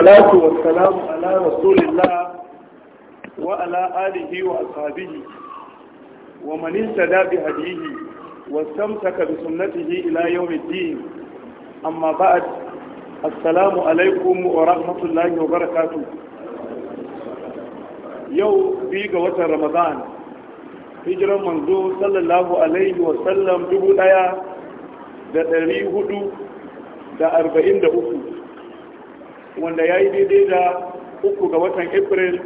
salatu wa salamu ala rasulillah wa ala alihi wa ashabihi wa man ihtada bi hadihi wa istamsaka bi sunnatihi ila yawm ad-din amma ba'd assalamu alaikum wa rahmatullahi wa barakatuh yau bi ga watan ramadan hijiran manzo sallallahu alaihi wa sallam dubu daya da ɗari hudu da arba'in da uku wanda ya yi daidai da uku ga watan april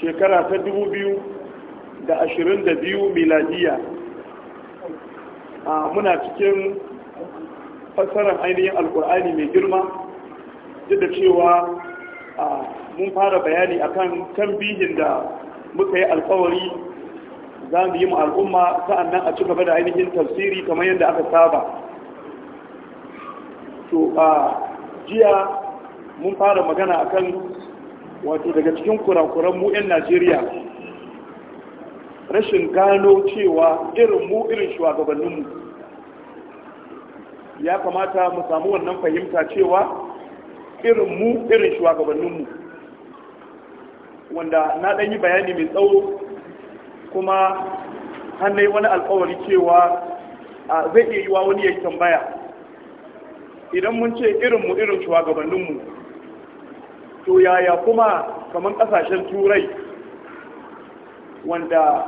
shekara ta dubu biyu da ashirin da biyu miladiya muna cikin fassarar ainihin alkur'ani mai girma duk da cewa mun fara bayani akan tambihin da muka yi alkawari za mu yi mu al'umma sa'annan a ci gaba da ainihin tafsiri kamar yadda aka saba to a jiya mun fara magana akan wato daga cikin kurakuran mu najeriya rashin gano cewa irin mu irin shugabanninmu ya kamata mu samu wannan fahimta cewa irin mu irin shugabanninmu wanda na ɗan yi bayani mai tsawo kuma hannai wani alkawari cewa zai iya yiwa wani ya yi tambaya idan mun ce irinmu irin shugabanninmu to yaya kuma kamar kasashen turai wanda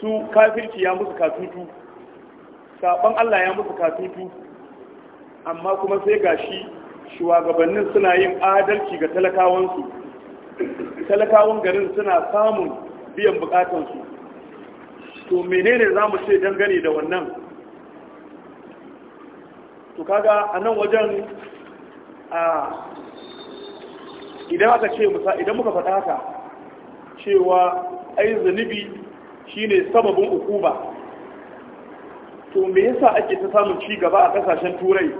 su kafirci ya musu katutu saban Allah ya musu katutu amma kuma sai ga shi, shugabannin suna yin adalci ga talakawansu talakawan garin suna samun biyan bukatansu to menene za mu ce dangane da wannan to kaga a nan wajen a idan aka ce musa idan muka faɗa haka cewa ai zunubi shine sababin ukuba to me yasa ake ta samun ci gaba a kasashen turai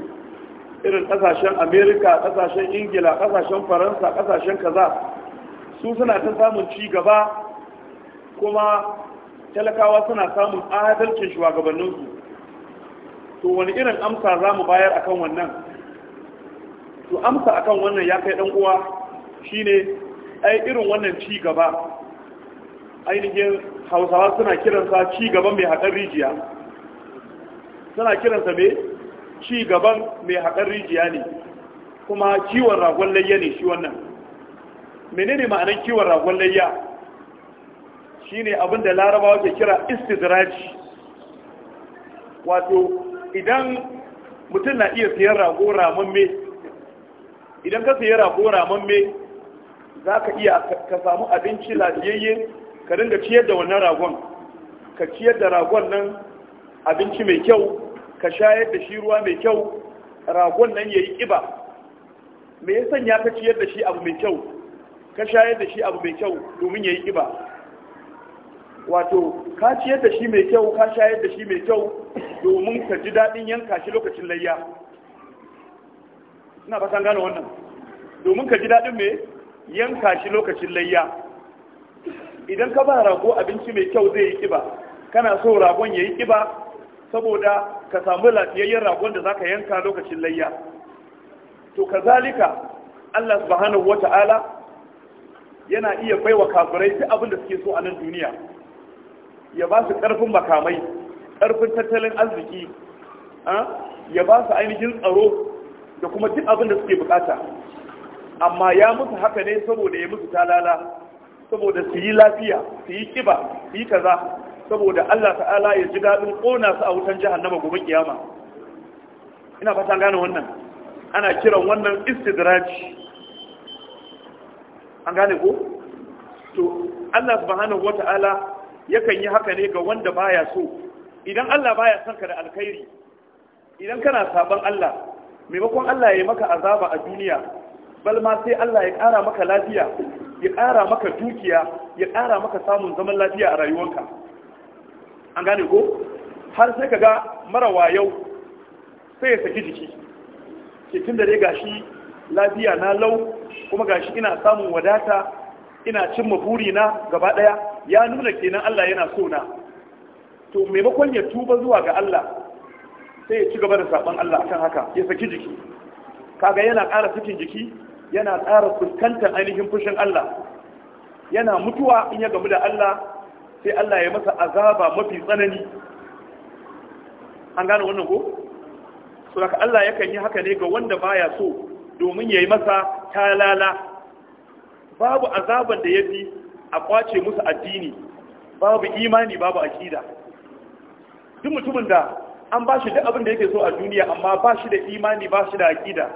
irin kasashen america kasashen ingila kasashen faransa kasashen kaza su suna ta samun ci gaba kuma talakawa suna samun adalcin shugabanninsu to wani irin amsa za mu bayar akan wannan to amsa akan wannan ya kai uwa shine ai irin wannan ci gaba ainihin hausawa suna kiransa ci gaban mai haƙar rijiya suna kiransa mai ci gaban mai haƙar rijiya ne kuma kiwon ragon layya ne shi wannan menene ma'anar kiwon ragon layya ne abin da larabawa ke kira istidraji wato idan mutum na iya siyan rago ramamme idan ka siya rago ramamme za ka iya ka samu abinci lafiyayye ka dinga ciyar da wannan ragon ka ciyar da ragon nan abinci mai kyau ka shayar da shi ruwa mai kyau ragon nan ya yi me ya sanya ka ciyar da shi abu mai kyau ka shayar da shi abu mai kyau domin ya yi wato ka ciyar da shi mai kyau ka shayar da shi mai kyau domin ka ji daɗin yanka shi lokacin layya ina ba san gane wannan domin ka ji daɗin mai yanka shi lokacin layya idan ka ba rago abinci mai kyau zai yi kiba kana so ragon ya yi kiba saboda ka samu lafiyayyen ragon da za ka yanka lokacin layya to kazalika Allah subhanahu wata'ala yana iya baiwa kafirai duk abin da suke so a nan duniya ya ba su karfin makamai ƙarfin tattalin arziki ah, ya ba su ainihin tsaro da kuma duk abin da suke bukata amma ya musu haka ne saboda ya musu talala saboda su yi lafiya su yi kiba su yi kaza saboda Allah ta'ala ya ji daɗin ƙona su a wutan jahannama gobe kiyama ina fata gane wannan ana kiran wannan istidraj an gane ko to Allah subhanahu wata'ala yakan yi haka ne ga wanda baya so idan Allah baya son ka da alkhairi idan kana saban Allah maimakon Allah ya maka azaba a duniya Balma sai Allah ya ƙara maka lafiya ya ƙara maka dukiya ya ƙara maka samun zaman lafiya a rayuwanka an gane ko har sai ka ga mara yau sai ya saki jiki ke tun da dai gashi lafiya na lau kuma gashi ina samun wadata ina cimma na gaba ɗaya ya nuna kenan Allah yana so na to maimakon ya tuba zuwa ga Allah sai ya ci gaba da sabon Allah akan haka ya saki jiki kaga yana ƙara sakin jiki yana tsara fuskantar ainihin fushin Allah yana mutuwa in ya gamu da Allah sai Allah ya masa azaba mafi tsanani an gane wannan ko Suraka Allah yakan yi haka ne ga wanda baya so domin ya yayi masa talala babu azaban da yafi a kwace musu addini babu imani babu akida duk mutumin da an bashi duk abin da yake so a duniya amma ba shi da imani ba da akida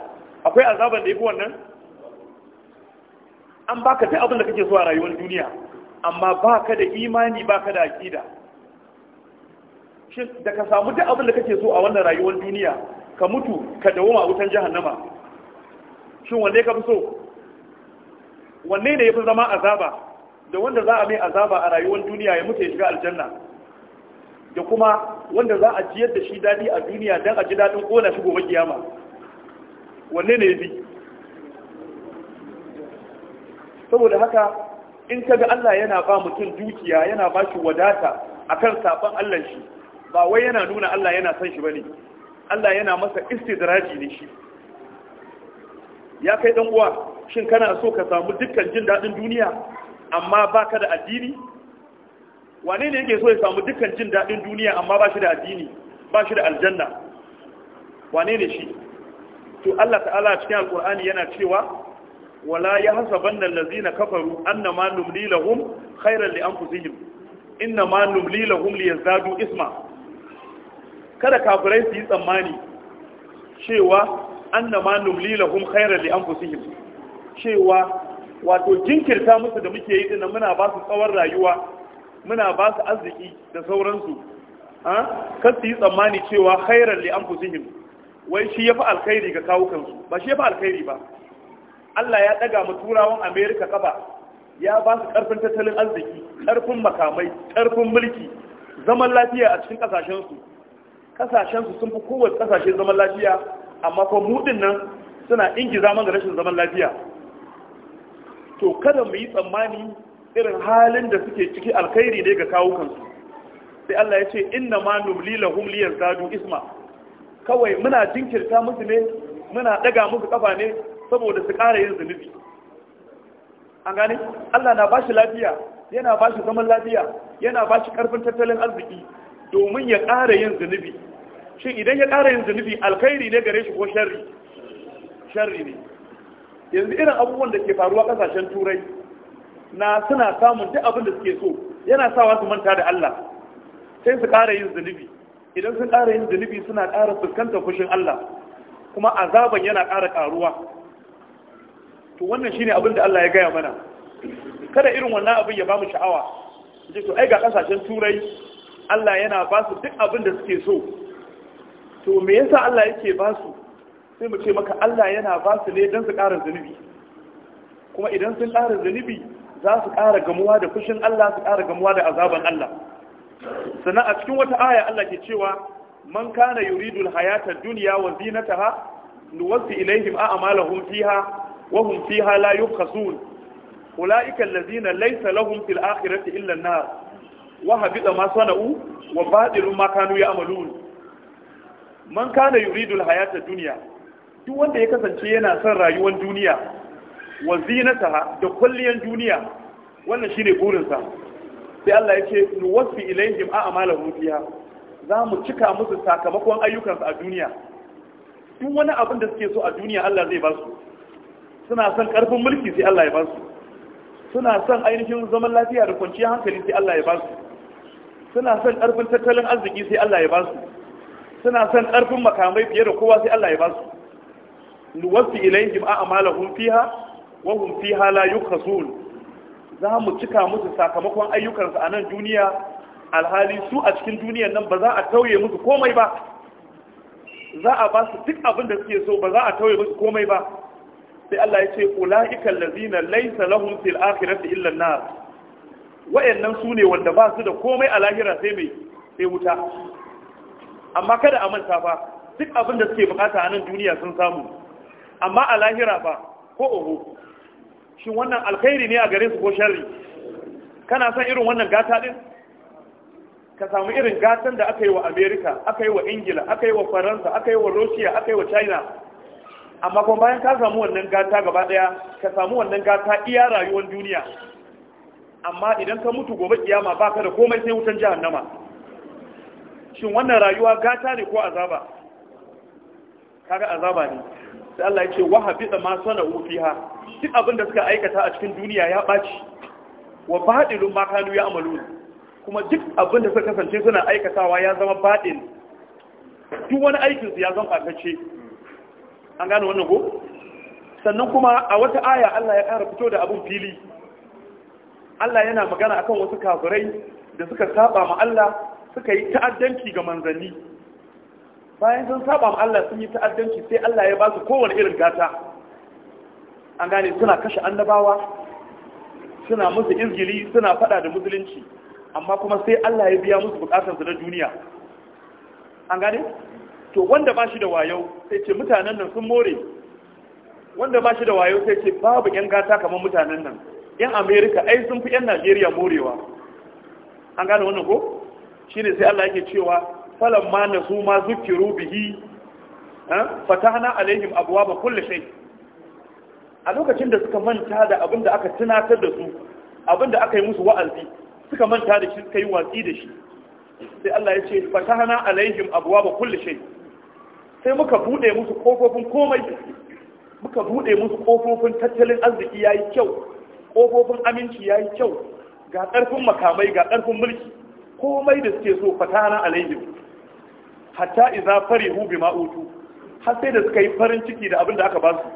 akwai azaban da yafi wannan an baka duk abin da kake so a rayuwar duniya amma ba ka da imani ba ka da akida shin da ka samu ta abin da kake so a wannan rayuwar duniya ka mutu ka dawoma a wutan jahannama shin wanne ka fi so wanne ne ya fi zama azaba da wanda za a mai azaba a rayuwar duniya ya mutu ya shiga aljanna da kuma wanda za a jiyar da shi dadi a duniya don a ji daɗin ƙona shi gobe kiyama wanne ne ya fi? saboda haka in ka ga Allah yana ba mutum dukiya yana ba shi wadata a kan sabon Allah shi ba wai yana nuna Allah yana son shi bane Allah yana masa istidraji ne shi ya kai dan uwa shin kana so ka samu dukkan jin dadin duniya amma ba ka da addini wane ne yake so ya samu dukkan jin dadin duniya amma ba shi da addini ba shi da aljanna wane ne shi to Allah ta'ala cikin Alƙur'ani yana cewa wala ya hasaban da lazina kafaru anna ma numli lahum khairan li anfusihim inna ma numli lahum li yazadu isma kada kafirai su yi tsammani cewa anna ma numli lahum khairan li anfusihim cewa wato jinkirta musu da muke yi dinnan muna ba su tsawon rayuwa muna ba su arziki da sauransu kan su yi tsammani cewa khairan li anfusihim wai shi ya fi alkhairi ga kawukansu ba shi ya fi alkhairi ba Allah ya daga mu turawan amerika kafa ya ba su karfin tattalin arziki karfin makamai karfin mulki zaman lafiya a cikin kasashen su kasashen su sun fi kowace kasashe zaman lafiya amma ko mu nan suna ingiza mana rashin zaman lafiya to kada mu yi tsammani irin halin da suke ciki alkhairi ne ga kawo kansu sai Allah ya ce inna ma numli lahum isma kawai muna jinkirta musu ne muna daga musu kafa ne saboda su ƙara yin zunubi an gane Allah na bashi lafiya yana bashi zaman lafiya yana bashi karfin tattalin arziki domin ya ƙara yin zunubi shi idan ya ƙara yin zunubi alkhairi ne gare shi ko sharri sharri ne yanzu irin abubuwan da ke faruwa ƙasashen turai na suna samun duk abin da suke so yana sawa su manta da Allah sai su ƙara yin zunubi idan sun ƙara yin zunubi suna ƙara fuskantar fushin Allah kuma azaban yana ƙara ƙaruwa to wannan shine abin da Allah ya gaya mana kada irin wannan abin ya bamu sha'awa je to ai ga kasashen turai Allah yana ba su duk abin da suke so to me yasa Allah yake ba su sai mu ce maka Allah yana ba su ne dan su ƙara zanubi kuma idan sun ƙara zunubi za su ƙara gamuwa da fushin Allah su ƙara gamuwa da azaban Allah sannan a cikin wata aya Allah ke cewa man kana yuridul hayatad dunya wa zinataha nuwaffi ilayhim a'malahum fiha وهم فيها لا يبخسون أولئك الذين ليس لهم في الآخرة إلا النار وهبط ما صنعوا وبادل ما كانوا يعملون من كان يريد الحياة الدنيا duk wanda ya kasance yana son rayuwar duniya wa zinata da kulliyan duniya wannan shine burinsa sai Allah ya ce nuwaffi ilayhim a'malahum fiha za mu cika musu sakamakon ayyukansu a duniya duk wani abin da suke so a duniya Allah zai ba su suna son karfin mulki sai Allah ya ba su suna son ainihin zaman lafiya da kwanciyar hankali sai Allah ya ba su suna son karfin tattalin arziki sai Allah ya ba su suna son karfin makamai fiye da kowa sai Allah ya ba su nuwassi ilayhim a'malahum fiha wa hum fiha la yukhasun za mu cika musu sakamakon ayyukansu a nan duniya alhali su a cikin duniyar nan ba za a tauye musu komai ba za a ba su duk abin da suke so ba za a tauye musu komai ba sai Allah ya ce ulaikal ladina laysa lahum fil akhirati illa an-nar wayannan sune wanda ba su da komai a lahira sai mai sai wuta amma kada a manta fa duk abin da suke bukata a nan duniya sun samu amma a lahira ba ko oho shi wannan alkhairi ne a gare su ko sharri kana san irin wannan gata din ka samu irin gatan da aka yi wa america aka yi wa ingila aka yi wa faransa aka yi wa russia aka yi wa china amma kuma bayan ka samu wannan gata gaba daya ka samu wannan gata iya rayuwar duniya amma idan ka mutu gobe kiyama baka da komai sai wutan jahannama shin wannan rayuwa gata ne ko azaba kaga azaba ne sai Allah ya ce wa habita ma sana'u fiha duk abin da suka aikata a cikin duniya ya baci wa badilun ma kanu ya amalu kuma duk abin da suka kasance suna aikatawa ya zama badil duk wani aikin su ya zama kace. an gane wannan ko sannan kuma a wata aya Allah ya ƙara fito da abun fili Allah yana magana akan wasu kafirai da suka saba ma Allah suka yi ta'addanci ga manzanni bayan sun saba ma Allah sun yi ta'addanci sai Allah ya ba su kowane irin gata an gane suna kashe annabawa suna musu izgili suna fada da musulunci amma kuma sai Allah ya biya musu bukatarsu na duniya an gane to wanda ba shi da wayo sai ce mutanen nan sun more wanda ba shi da wayo sai ce babu yan gata kamar mutanen nan yan amerika ai sun fi yan najeriya morewa an gane wannan ko Shi ne sai allah yake cewa falan ma na su ma zukiru Fata fatahna alaihim abuwa ba kulle shai a lokacin da suka manta da abin da aka tunatar da su abin da aka yi musu wa'azi suka manta da shi suka yi watsi da shi sai allah ya ce fatahna alaihim abuwa ba kulle shai sai muka bude musu kofofin komai muka bude musu kofofin tattalin arziki yayi kyau kofofin aminci yayi kyau ga karfin makamai ga karfin mulki komai da suke so fatana alaihim hatta idza farihu bima utu har sai da suka yi farin ciki da abin da aka ba su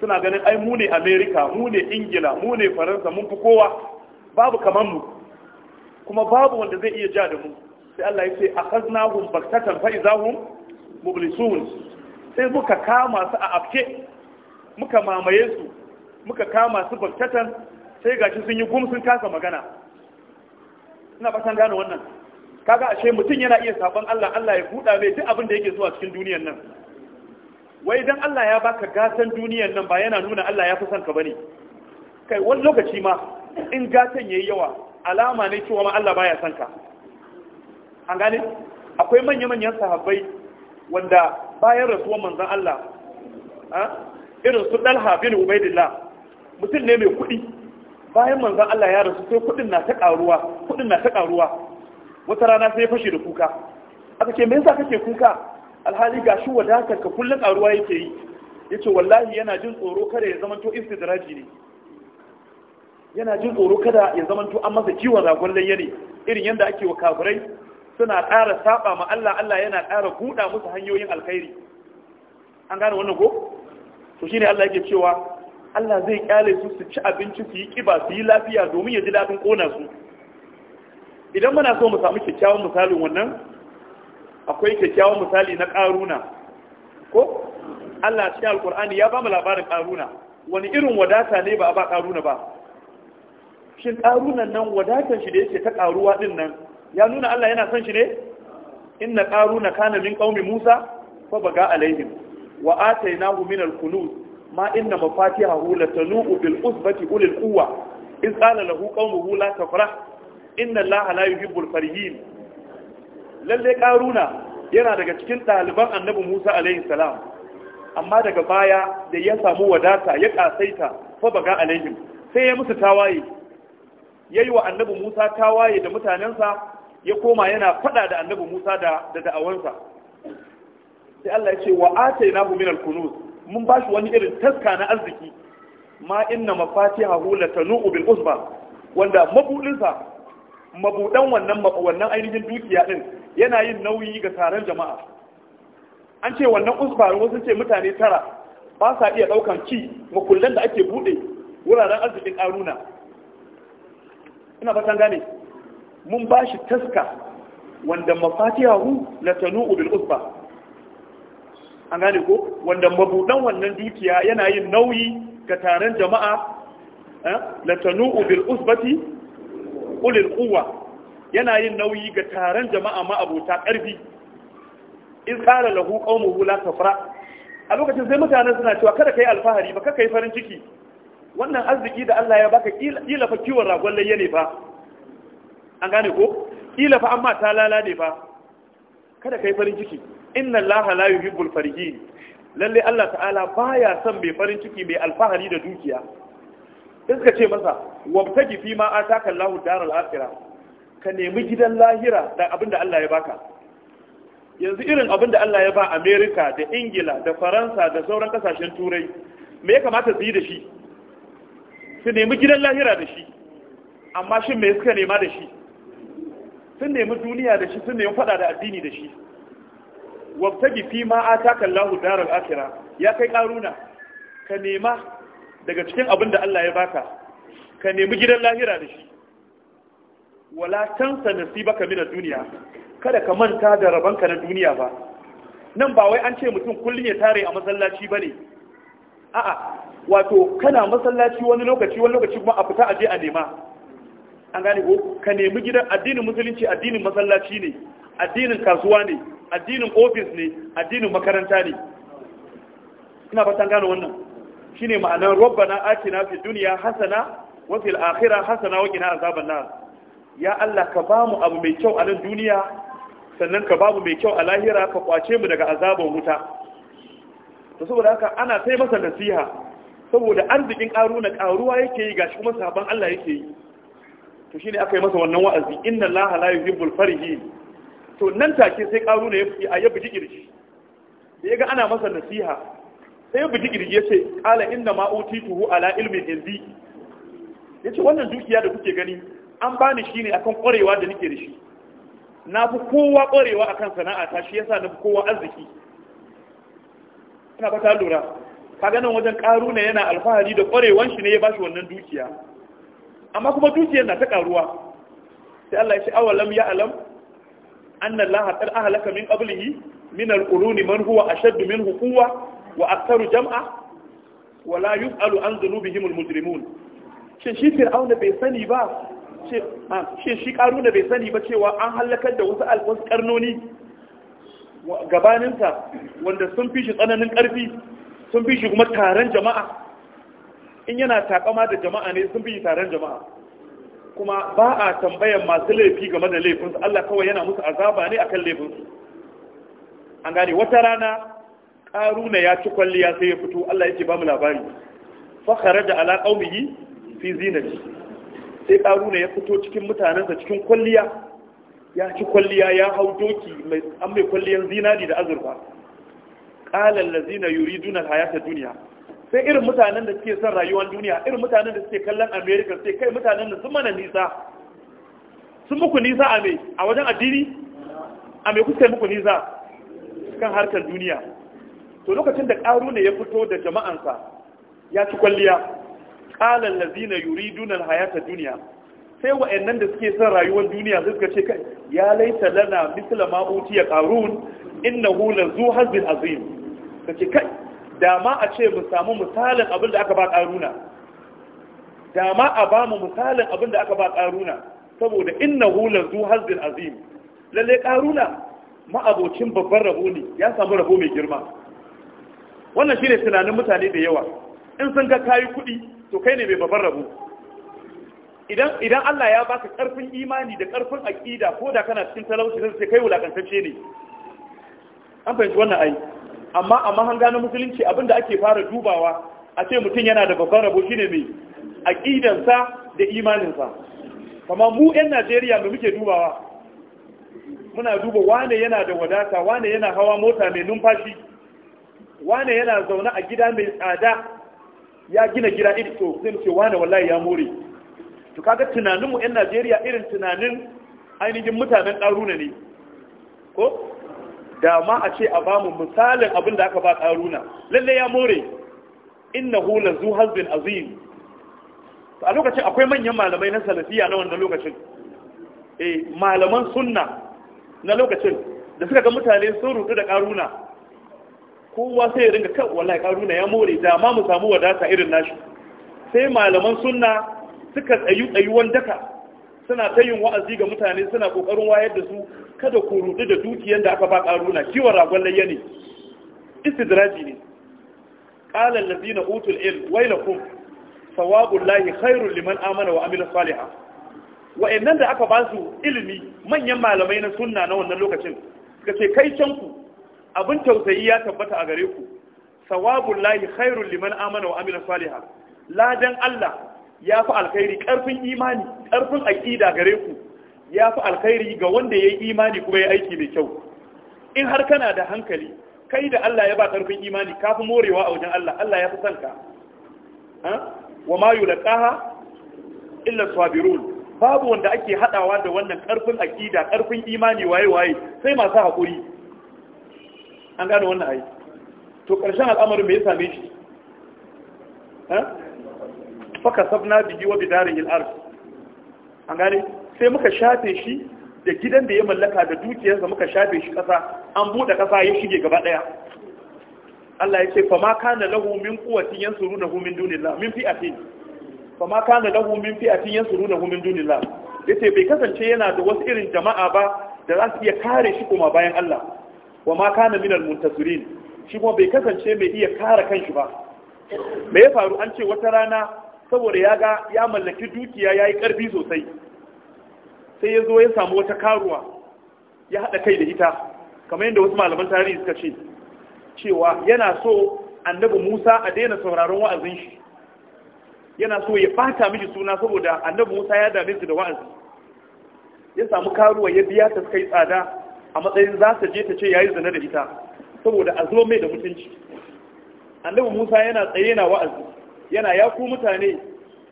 suna ganin ai mu ne america mu ne ingila mu ne faransa mun fi kowa babu kaman mu kuma babu wanda zai iya ja da mu sai Allah ya ce akhadnahum baktatan fa idza mublisun sai muka kama su a afke muka mamaye su muka kama su bakkatan sai gashi sun yi gumsun kasa magana ina fatan gane wannan kaga ashe mutum yana iya saban Allah Allah ya buɗa mai duk abin da yake so a cikin duniyar nan wai idan Allah ya baka gasan duniyar nan ba yana nuna Allah ya fi son ka bane kai wani lokaci ma in gatan yayi yawa alama ne cewa ma Allah baya son ka an gane akwai manya-manyan sahabbai wanda bayan rasuwan manzan Allah irin su ɗalha bin ubaidillah mutum ne mai kuɗi bayan manzan Allah ya rasu sai kuɗin na ta ƙaruwa kuɗin na ta ƙaruwa wata rana sai fashe da kuka aka ce me yasa kake kuka alhali ga shi wadatar ka kullum ƙaruwa yake yi yace wallahi yana jin tsoro kada ya zamanto istidraji ne yana jin tsoro kada ya zamanto an masa kiwon ragon layya ne irin yadda ake wa kafirai suna ƙara saba ma Allah Allah yana ƙara buɗa musu hanyoyin alkhairi an gane wannan ko to shine Allah yake cewa Allah zai kyale su su ci abinci su yi kiba su yi lafiya domin ya ji daɗin ƙona su idan muna so mu samu kyakkyawan misalin wannan akwai kyakkyawan misali na ƙaruna ko Allah cikin alkur'ani ya ba mu labarin ƙaruna wani irin wadata ne ba a ba ƙaruna ba shin ƙarunan nan wadatar shi da yake ta ƙaruwa din nan ya nuna Allah yana son shi ne inna qaruna kana min qaumi Musa fa baga alaihim wa atainahu min al-kunuz ma inna mafatihahu latanu bil usbati ulil quwwa إذ قال له قومه لا Inna إن الله لا يحب الفرحين lalle yana daga cikin ɗaliban annabi Musa alaihi salam amma daga baya da ya samu wadata ya kasaita fa baga alaihim sai ya musu tawaye yayi wa annabi Musa tawaye da mutanensa ya koma yana faɗa da annabi Musa da da da'awansa sai Allah ya ce wa atainahu min al-kunuz mun bashi wani irin taska na arziki ma inna mafatihahu latanu bil usba wanda mabudinsa mabudan wannan wannan ainihin dukiya din yana yin nauyi ga taron jama'a an ce wannan usba wasu ce mutane tara ba sa iya daukan ci makullan da ake bude wuraren arzikin karuna ina fatan gane mun ba shi taska wanda mafatihahu la tanu'u bil usba an gane ko wanda mabudan wannan dukiya yana yin nauyi ga taron jama'a eh, la tanu'u bil usbati ulil quwwa yana yin nauyi ga taron jama'a ma abota karfi in qala lahu qaumuhu la tafra a lokacin sai mutane suna cewa kada kai alfahari ba kada kai farin ciki wannan arziki da Allah ya baka kila fa kiwon ragon layya ne ba an gane ko kila fa amma ta lalane fa kada kai farin ciki inna allaha la yuhibbul farihin lalle Allah ta'ala baya son mai farin ciki mai alfahari da dukiya sai suka ce masa wabtaji fi ma ataka Allahu daral akhirah ka nemi gidan lahira da abinda Allah ya baka yanzu irin abinda Allah ya ba America da Ingila da Faransa da sauran kasashen turai me ya kamata su yi da shi su nemi gidan lahira da shi amma shin me suka nema da shi sun nemi duniya da shi sun nemi fada da addini da shi wabtagi fi ma ataka Allahu daral akhirah ya kai karuna ka nema daga cikin abin da Allah ya baka ka nemi gidan lahira da shi wala tansa nasibaka min ad-dunya kada ka manta da rabanka na duniya ba nan ba wai an ce mutum kullum ya tare a masallaci bane a'a wato kana masallaci wani lokaci wani lokaci kuma a fita aje a nema an gane ka nemi gidan addinin musulunci addinin masallaci ne addinin kasuwa ne addinin ofis ne addinin makaranta ne ina fatan gane wannan shine ma'anar rabbana atina fi dunya hasana wa fil akhirah hasana wa qina azaban nar ya Allah ka bamu abu mai kyau a nan duniya sannan ka mu mai kyau a lahira ka kwace mu daga azaban wuta to saboda haka ana sai masa nasiha saboda arzikin karuna karuwa yake yi gashi kuma sabon Allah yake yi to shine aka yi masa wannan wa'azi inna allaha la yuhibbul farihin to nan take sai karuna ya fi ya buji kirji da yaga ana masa nasiha sai ya buji yace qala inna ma utituhu ala ilmin indi yace wannan dukiya da kuke gani an bani shine akan kwarewa da nake da shi na fi kowa ƙwarewa akan ta shi yasa na fi kowa arziki ina ba ta lura kaga nan wajen karuna yana alfahari da kwarewan shi ne ya bashi wannan dukiya amma kuma dukiyar na ta karuwa sai Allah ya ce awalam ya alam anna Allah qad ahlaka min qablihi min al-quruni man huwa ashadd minhu quwwa wa aktharu jam'a wa la yus'alu an dhunubihim al-mujrimun shin shi fir'auna bai sani ba ce ah, shi karuna bai sani ba cewa an halakar da wasu alwas karnoni gabaninsa wanda sun fi shi tsananin karfi sun fi shi kuma taron jama'a in yana takama da jama'a ne sun fi taron jama'a kuma ba a tambayan masu laifi game da laifinsu Allah kawai yana musu azaba ne akan laifinsu an gane wata rana karuna ya ci kwalliya sai ya fito Allah yake ba mu labari fakhara da ala qaumihi fi zinati sai karuna ya fito cikin mutanansa cikin kwalliya ya ci kwalliya ya hau doki mai an mai kwalliyan zinari da azurfa qala allazina yuriduna hayata dunya sai irin mutanen da suke son rayuwar duniya irin mutanen da suke kallon america sai kai mutanen da sun mana nisa sun muku nisa a mai a wajen addini a mai kuka muku nisa kan harkar duniya to lokacin da ƙaru ne ya fito da jama'ansa ya ci kwalliya ƙalan lazina yuri dunan hayata duniya sai wa'annan da suke son rayuwar duniya suka ce kai ya laita lana misla ma utiya qarun innahu la zu hazbin azim kace kai da ma a ce mu samu misalin abin da aka ba ƙaruna da ma a ba mu misalin abin da aka ba ƙaruna saboda inna hula zu hazin azim lalle ƙaruna ma'abocin babban rabo ne ya samu rabo mai girma wannan shine tunanin mutane da yawa in sun ga kayi kuɗi to kai ne mai babban rabo idan idan Allah ya baka karfin imani da ƙarfin aƙida ko da kana cikin talauci sai kai wulakantacce ne an fahimci wannan ayi. amma a mahanga na musulunci abinda ake fara dubawa a ce mutum yana da babban rabo shine mai aqidansa da imaninsa kamar mu 'yan Najeriya mu muke dubawa muna duba wane yana da wadata wane yana hawa mota mai numfashi wane yana zaune a gida mai tsada ya gina gida iri to zai ce wane wallahi ya more to kaga mu 'yan Najeriya irin tunanin ainihin mutanen ɗaruna ne ko da ma a ce a bamu misalin abin da aka ba karuna lalle ya more innahu zu hazbin azim a lokacin akwai manyan malamai na salafiya na wannan lokacin eh malaman sunna na lokacin da suka ga mutane sun rutu da karuna kowa sai ya ringa kan wallahi karuna ya more da ma mu samu wadata irin nashi sai malaman sunna suka tsayu tsayuwan daka suna ta yin wa'azi ga mutane suna kokarin wayar da su kada ku rudu da dukiyar da aka ba karuna kiwon ragon layya ne istidraji ne qala allazina utul ilm kun. sawabul lahi Khairun liman amana wa amila salihan wa'annan da aka ba su ilimi manyan malamai na sunna na wannan lokacin suka ce kai can ku abin tausayi ya tabbata a gare ku sawabul lahi Khairun liman amana wa amila salihan ladan Allah ya fi alkhairi karfin imani ƙarfin aƙida gare ku ya fi alkhairi ga wanda ya yi imani kuma ya aiki mai kyau in har kana da hankali kai da Allah ya ba karfin imani ka fi morewa a wajen Allah Allah ya fi son ka wa ma yulqaha illa sabirun babu wanda ake hadawa da wannan karfin akida karfin imani waye waye sai masu hakuri an gane wannan ai to karshen al'amarin me ya same shi faka sabna bihi wa al ard an gane sai muka shafe shi da gidan da ya mallaka da dukiyarsa muka shafe shi kasa an buɗe kasa ya shige gaba ɗaya. Allah ya ce fa ma kana lahu min quwwatin yansurunahu min dunillah min fi'atin fa ma kana lahu min fi'atin yansurunahu min dunillah yace bai kasance yana da wasu irin jama'a ba da za su iya kare shi kuma bayan Allah wa ma kana minal muntasirin shi kuma bai kasance mai iya kare kanshi ba me ya faru an ce wata rana saboda ya ga ya mallaki dukiya yayi karfi sosai sai ya zo ya samu wata karuwa ya haɗa kai da ita kamar yadda wasu malaman tarihi suka ce cewa yana so annabi musa a daina sauraron wa'azin shi yana so ya bata miji suna saboda annabi musa ya dame su da wa'azi ya samu karuwa ya biya ta kai tsada a matsayin za ta je ta ce yayi zina da ita saboda a zo mai da mutunci annabi musa yana tsaye na wa'azi yana ya ku mutane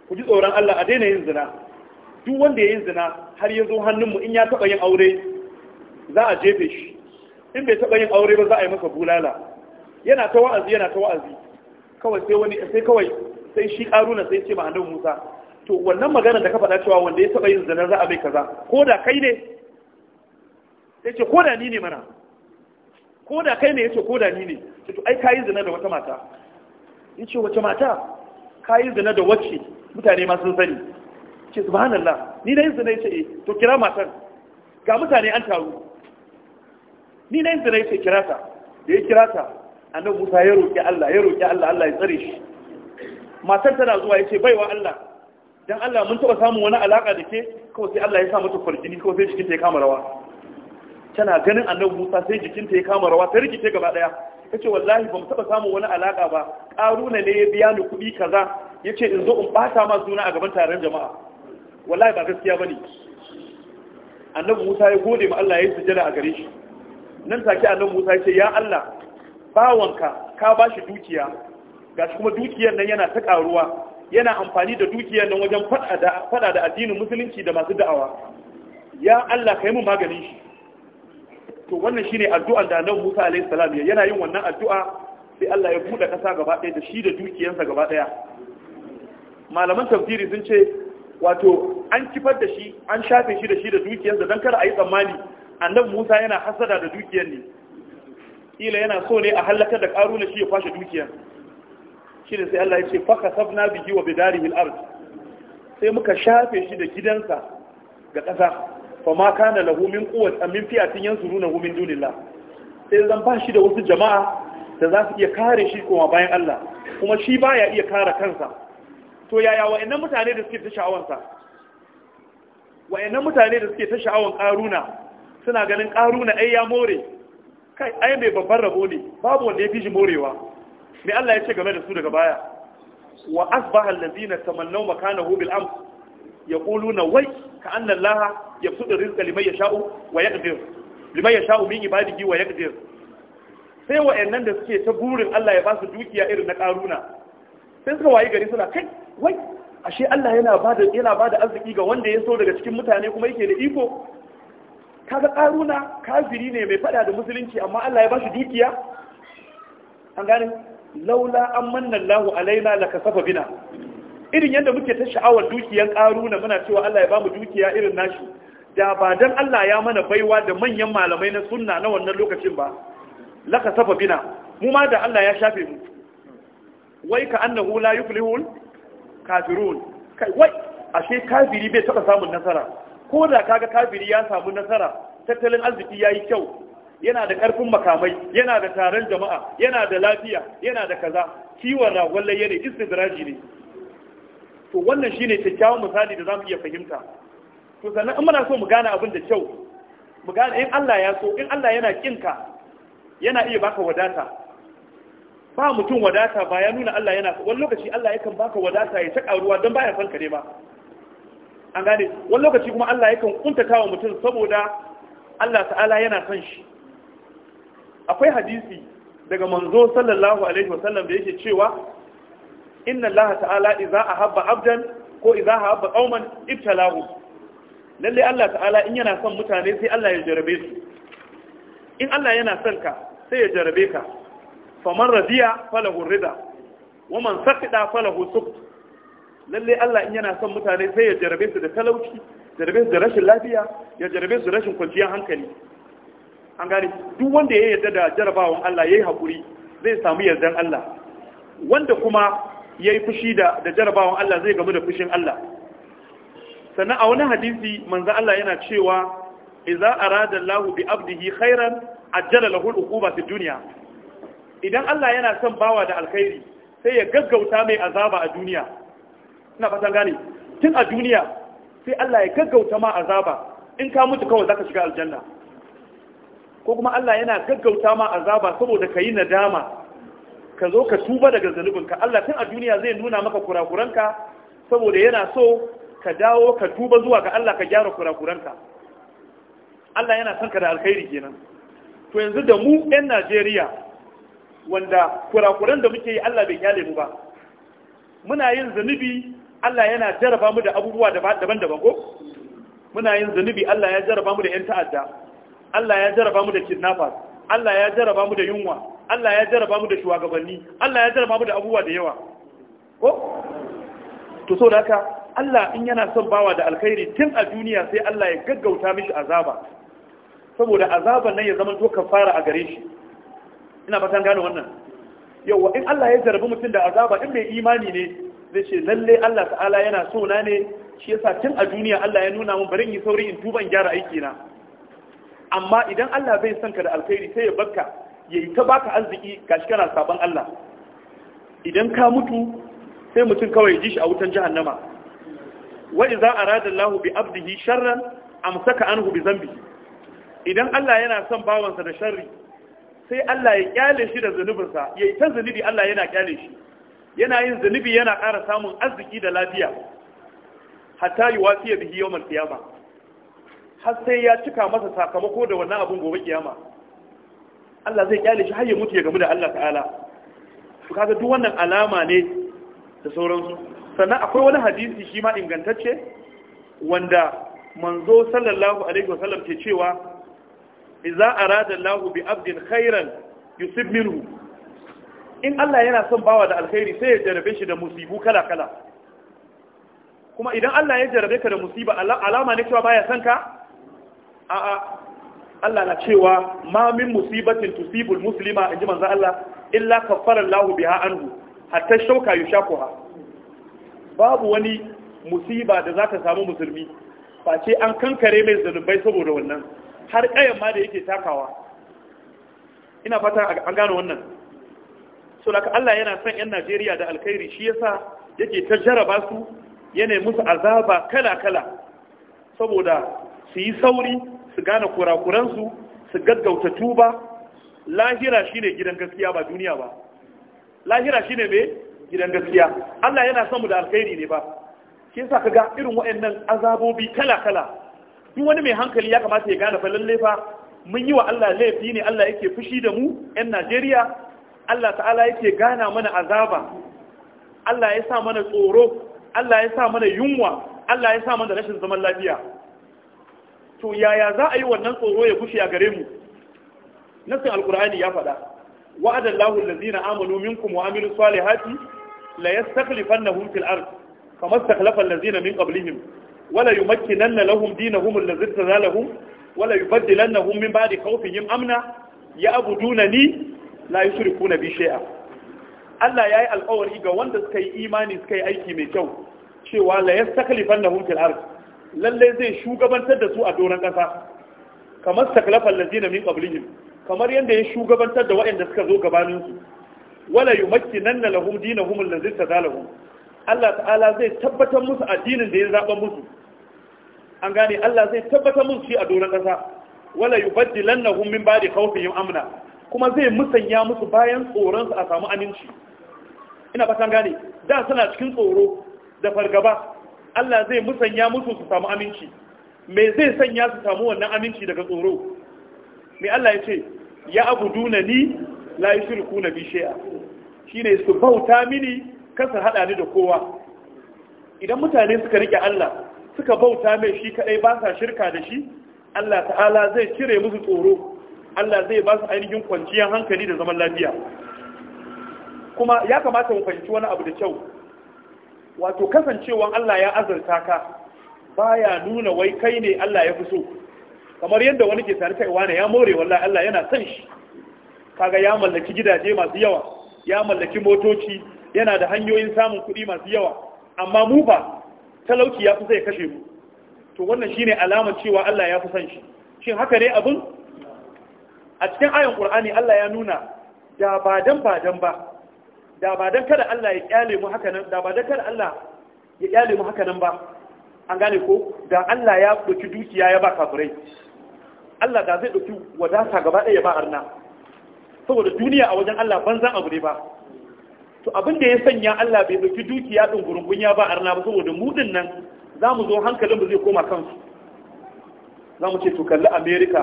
ku ji tsoron allah a daina yin zina duk wanda ya yi zina har ya zo hannunmu in ya taɓa yin aure za a jefe shi in bai taɓa yin aure ba za a yi masa bulala yana ta wa'azi yana ta wa'azi kawai sai wani sai kawai sai shi karuna sai ce ma annabi Musa to wannan magana da ka faɗa cewa wanda ya taɓa yin zina za a bai kaza ko da kai ne sai ce ko da ni ne mana ko da kai ne ya ce ko da ni ne to ai ka yi zina da wata mata ce wace mata Ka yi zina da wacce mutane ma sun sani ce subhanallah ni na yin zina yace eh to kira matan ga mutane an taru ni na yin zina yace kira ta da ya kira ta annabi Musa ya roki Allah ya roki Allah Allah ya tsare shi matan tana zuwa yace baiwa Allah dan Allah mun taba samun wani alaka da ke kawai sai Allah ya sa mata farjini kawai sai jikinta ya kama rawa tana ganin annabi Musa sai jikinta ya kama rawa ta rikice gaba daya ce wallahi ba mu taba samun wani alaka ba karuna ne ya biya ni kuɗi kaza yace in zo in bata ma suna a gaban taron jama'a wallahi ba gaskiya bane annabi Musa ya gode ma Allah ya yi sujada a gare shi nan take annabi Musa ya ce ya Allah bawanka ka bashi dukiya gashi kuma dukiyar nan yana ta karuwa yana amfani da dukiyar nan wajen fada da addinin musulunci da masu da'awa ya Allah ka yi mu maganin shi to wannan shine addu'ar da annabi Musa alaihi salam ya yana yin wannan addu'a sai Allah ya buɗe kasa gaba ɗaya da shi da dukiyarsa gaba ɗaya malaman tafsiri sun ce wato an kifar da shi an shafe shi da shi da dukiyar, da don kar a yi tsammani annabi musa yana hasada da dukiyar ne ila yana so ne a halakar da karuna shi ya kwashe dukiyar shi ne sai allah ya ce faka sabna bihi wa bidarihi al-ard sai muka shafe shi da gidansa ga ƙasa fa ma kana lahu min quwwat min fi'atin yansuruna hu min dunillah sai zan ba shi da wasu jama'a da za su iya kare shi kuma bayan allah kuma shi baya iya kare kansa to yaya wa'annan mutane da suke ta sha'awansa wa'annan mutane da suke ta sha'awan karuna suna ganin ƙaruna ai ya more kai ai mai babban rabo ne babu wanda ya fi shi morewa me Allah ya ce game da su daga baya wa asbaha allazina tamannaw makanahu bil amr yaquluna wai ka anna Allah fudu rizqa liman yasha'u wa yaqdir liman yasha'u min ibadihi wa yaqdir sai wa'annan da suke ta burin Allah ya ba su dukiya irin na ƙaruna sai suka wayi gari suna kai wai ashe Allah yana bada yana bada arziki ga wanda ya so daga cikin mutane kuma yake da iko kaga karuna kafiri ne mai fada da musulunci amma Allah ya bashi dukiya an gane laula an manna Allahu alaina lakasafa bina irin yadda muke ta sha'awar dukiyan karuna muna cewa Allah ya bamu dukiya irin nashi da ba dan Allah ya mana baiwa da manyan malamai na sunna na wannan lokacin ba lakasafa bina mu ma da Allah ya shafe mu wai ka annahu la hul? kafirun kai wai ashe kafiri bai taba samun nasara ko da kaga kafiri ya samu nasara tattalin arziki ya yi kyau yana da karfin makamai yana da taron jama'a yana da lafiya yana da kaza kiwon ragon layi ne istidraji ne to wannan shi ne kyakkyawan misali da za zamu iya fahimta to sannan in muna so mu gane abin da kyau mu gane in Allah ya so in Allah yana kinka yana iya baka wadata ba mutum wadata ba ya nuna Allah yana wani lokaci Allah yakan baka wadata ya taka ruwa don baya son ka ne ba an gane wani lokaci kuma Allah yakan kuntata wa mutum saboda Allah ta'ala yana son shi akwai hadisi daga manzo sallallahu alaihi wa sallam da yake cewa inna Allah ta'ala idza ahabba abdan ko idza ahabba qauman ibtalahu lalle Allah ta'ala in yana son mutane sai Allah ya jarabe su in Allah yana son ka sai ya jarabe ka faman radiya falahu rida wa man saqida falahu suq lalle Allah in yana son mutane sai ya jarabe su da talauci jarabe su da rashin lafiya ya jarabe su da rashin kwanciyar hankali an gane duk wanda ya yarda da jarabawan Allah yayi hakuri zai samu yardan Allah wanda kuma yayi fushi da da jarabawan Allah zai gamu da fushin Allah sannan a wani hadisi manzo Allah yana cewa idza arada Allahu bi abdihi khairan ajjala lahu al-uquba fi dunya idan Allah yana son bawa da alkhairi sai ya gaggauta mai azaba a duniya ina fatan gane tun a duniya sai Allah ya gaggauta ma azaba in ka mutu kawai zaka shiga aljanna ko kuma Allah yana gaggauta ma azaba saboda kayi nadama ka zo ka tuba daga zalubinka Allah tun a duniya zai nuna maka kurakuranka saboda yana so ka dawo ka tuba zuwa ga Allah ka gyara kurakuranka Allah yana son ka da alkhairi kenan to yanzu da mu 'yan Najeriya wanda kurakuran da muke yi Allah bai kyale mu ba muna yin zunubi Allah yana jaraba mu da abubuwa daban-daban ko muna yin zunubi Allah ya jaraba mu da yan ta'adda Allah ya jaraba mu da kidnappers Allah ya jaraba mu da yunwa Allah ya jaraba mu da shugabanni Allah ya jaraba mu da abubuwa da yawa ko to so haka Allah in yana son bawa da alkhairi tun a duniya sai Allah ya gaggauta mishi azaba saboda azaban nan ya zama to kafara a gare shi ina fatan gane wannan Yauwa in Allah ya zarbi mutum da azaba in mai imani ne zai ce lalle Allah ta'ala yana so na ne shi yasa tun a duniya Allah ya nuna mun bari in yi sauri in tuba gyara aiki na amma idan Allah bai sanka ka da alkhairi sai ya barka yayi ta baka arziki gashi kana saban Allah idan ka mutu sai mutum kawai ji shi a wutan jahannama wa idza arada Allahu bi abdihi sharran amsaka anhu bi zambi idan Allah yana son bawansa da sharri sai Allah ya kyale shi da zunubinsa ya yi ta zunubi Allah yana kyale shi yana yin zunubi yana ƙara samun arziki da lafiya hatta yi wasiya bihi yawon kiyama har sai ya cika masa sakamako da wannan abin gobe kiyama Allah zai kyale shi har ya mutu ya gamu da Allah ta'ala su kaga duk wannan alama ne da sauransu sannan akwai wani hadisi shi ma ingantacce wanda manzo sallallahu alaihi wasallam ke cewa a arada Allahu bi abdin khairan yusib minhu in Allah yana son bawa da alkhairi sai ya jarabe shi da musibu kala kala kuma idan Allah ya jarabe ka da musiba alama ne cewa baya son ka a'a Allah na cewa ma min musibatin tusibul muslima ji manzo Allah illa kaffara Allah biha anhu hatta shauka yushakuha babu wani musiba da za ta samu musulmi face an kankare mai zanubai saboda wannan har ƙayan ma da yake takawa ina fata an gano wannan so laka Allah yana son 'yan Najeriya da alkhairi shi yasa yake ta jaraba su yana musu azaba kala-kala saboda su yi sauri su gane kurakuransu su gaggauta tuba lahira shine gidan gaskiya ba duniya ba lahira shine me gidan gaskiya Allah yana son mu da alkhairi ne ba shi yasa ga irin waɗannan azabobi kala-kala duk wani mai hankali ya kamata ya gane fa lalle fa mun yi wa Allah laifi ne Allah yake fushi da mu yan Najeriya Allah ta'ala yake gana mana azaba Allah ya sa mana tsoro Allah ya sa mana yunwa Allah ya sa mana rashin zaman lafiya to yaya za a yi wannan tsoro ya gushe a gare mu nasin alkur'ani ya faɗa wa'adallahu allazina amanu minkum wa amilus salihati la yastakhlifannahum fil ard kama istakhlafa allazina min qablihim wala yumakkinanna lahum dinahum allazi tazalahum wala yubaddilannahum min ba'di khawfihim amna ya'budunani la yushrikuna bi shay'a Allah yayi alƙawari ga wanda suka yi imani suka yi aiki mai kyau cewa la yastakhlifannahum fil ard lalle zai shugabantar da su a doron ƙasa kamar staklafal lazina min qablihim kamar yadda ya shugabantar da waɗanda suka zo gabaninsu wala yi makinan na lahum dina humun da zai Allah ta'ala zai tabbatar musu addinin da ya zaɓa musu an gane Allah zai tabbatar mun shi a doron ƙasa wala yubaddilannahum min ba'di khawfihim amna kuma zai musanya musu bayan tsoron su a samu aminci ina fatan gane da suna cikin tsoro da fargaba Allah zai musanya musu su samu aminci me zai sanya su samu wannan aminci daga tsoro me Allah ya ce ya abuduna ni la na bi shay'a shine su bauta mini kasa hada ni da kowa idan mutane suka rike Allah suka bauta mai shi kadai ba sa shirka da shi Allah ta'ala zai cire musu tsoro Allah zai ba su ainihin kwanciyar hankali da zaman lafiya kuma ya kamata mu fahimci wani abu da kyau wato kasancewa Allah ya azurta ka baya nuna wai kai ne Allah ya fi so kamar yadda wani ke tare kaiwa ne ya more wallahi Allah yana son shi kaga ya mallaki gidaje masu yawa ya mallaki motoci yana da hanyoyin samun kuɗi masu yawa amma mu ba talauci ya fi zai kashe mu to wannan shine alamar cewa Allah ya fi son shi shin haka ne abun a cikin ayan Qur'ani Allah ya nuna da ba dan ba dan ba da ba dan kada Allah ya kyale mu haka nan da ba dan kada Allah ya kyale mu haka nan ba an gane ko da Allah ya buci dukiya ya ba kafirai Allah da zai dauki wadata gaba ɗaya ba arna saboda duniya a wajen Allah banzan abu ne ba to abin da ya sanya Allah bai dauki dukiya din ya ba arna ba saboda mu din nan zamu zo hankalin mu zai koma kansu zamu ce to kalli America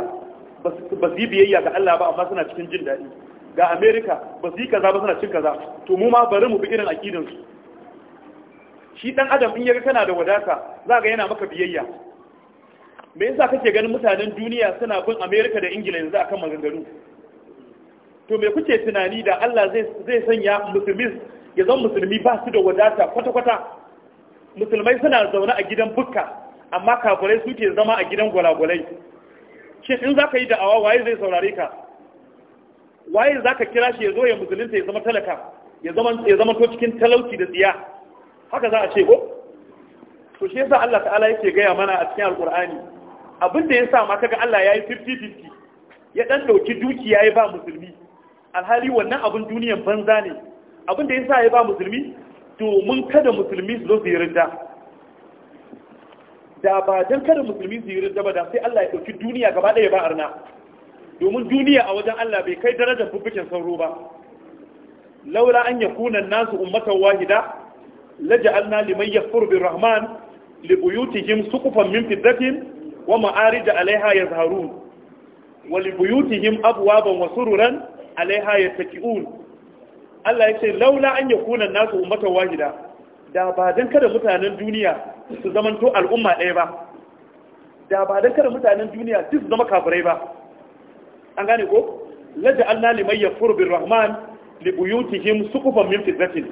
ba su yi biyayya ga Allah ba amma suna cikin jin daɗi ga America ba su yi kaza ba suna cin kaza to mu ma bari mu bi irin aqidan su shi dan adam in yaga kana da wadata za ga yana maka biyayya me yasa kake ganin mutanen duniya suna bin America da Ingila yanzu akan maganganu to me kuke tunani da Allah zai sanya musulmi ya zama musulmi ba su da wadata kwata-kwata musulmai suna zaune a gidan bukka amma kafirai suke zama a gidan gwalagwalai shi in za ka yi da'awa waye zai saurare ka waye za ka kira shi ya zo ya musulunta ya zama talaka ya zama to cikin talauci da tsiya haka za a ce ko to shi yasa Allah ta'ala yake gaya mana a cikin alkur'ani abin da ya sa ma kaga Allah ya yi 50-50 ya dan dauki dukiya ya ba musulmi alhali wannan abin duniyan banza ne abin da ya sa ya ba musulmi domin kada musulmi su zo ziyarar da. da ba don kada musulmi su yi ba da sai Allah ya ɗauki duniya gaba ɗaya ba arna domin duniya a wajen Allah bai kai darajar fuffukin sauro ba Laura an yakuna nasu ummatan wahida laja'alna liman Rahman. birrahman libuyutihim suqufan min fiddatin wa ma'arij 'alayha yazharun wa libuyutihim abwaban wa sururan alaiha taƙi'un Allah ya ce laula an kunan nasu ummatan wahida da ba don kada mutanen duniya su zamanto al'umma ɗaya ba da ba don kada mutanen duniya su zama kafirai ba an gane ko lajja Allah na yafur bir rahman li su kufan min zafin,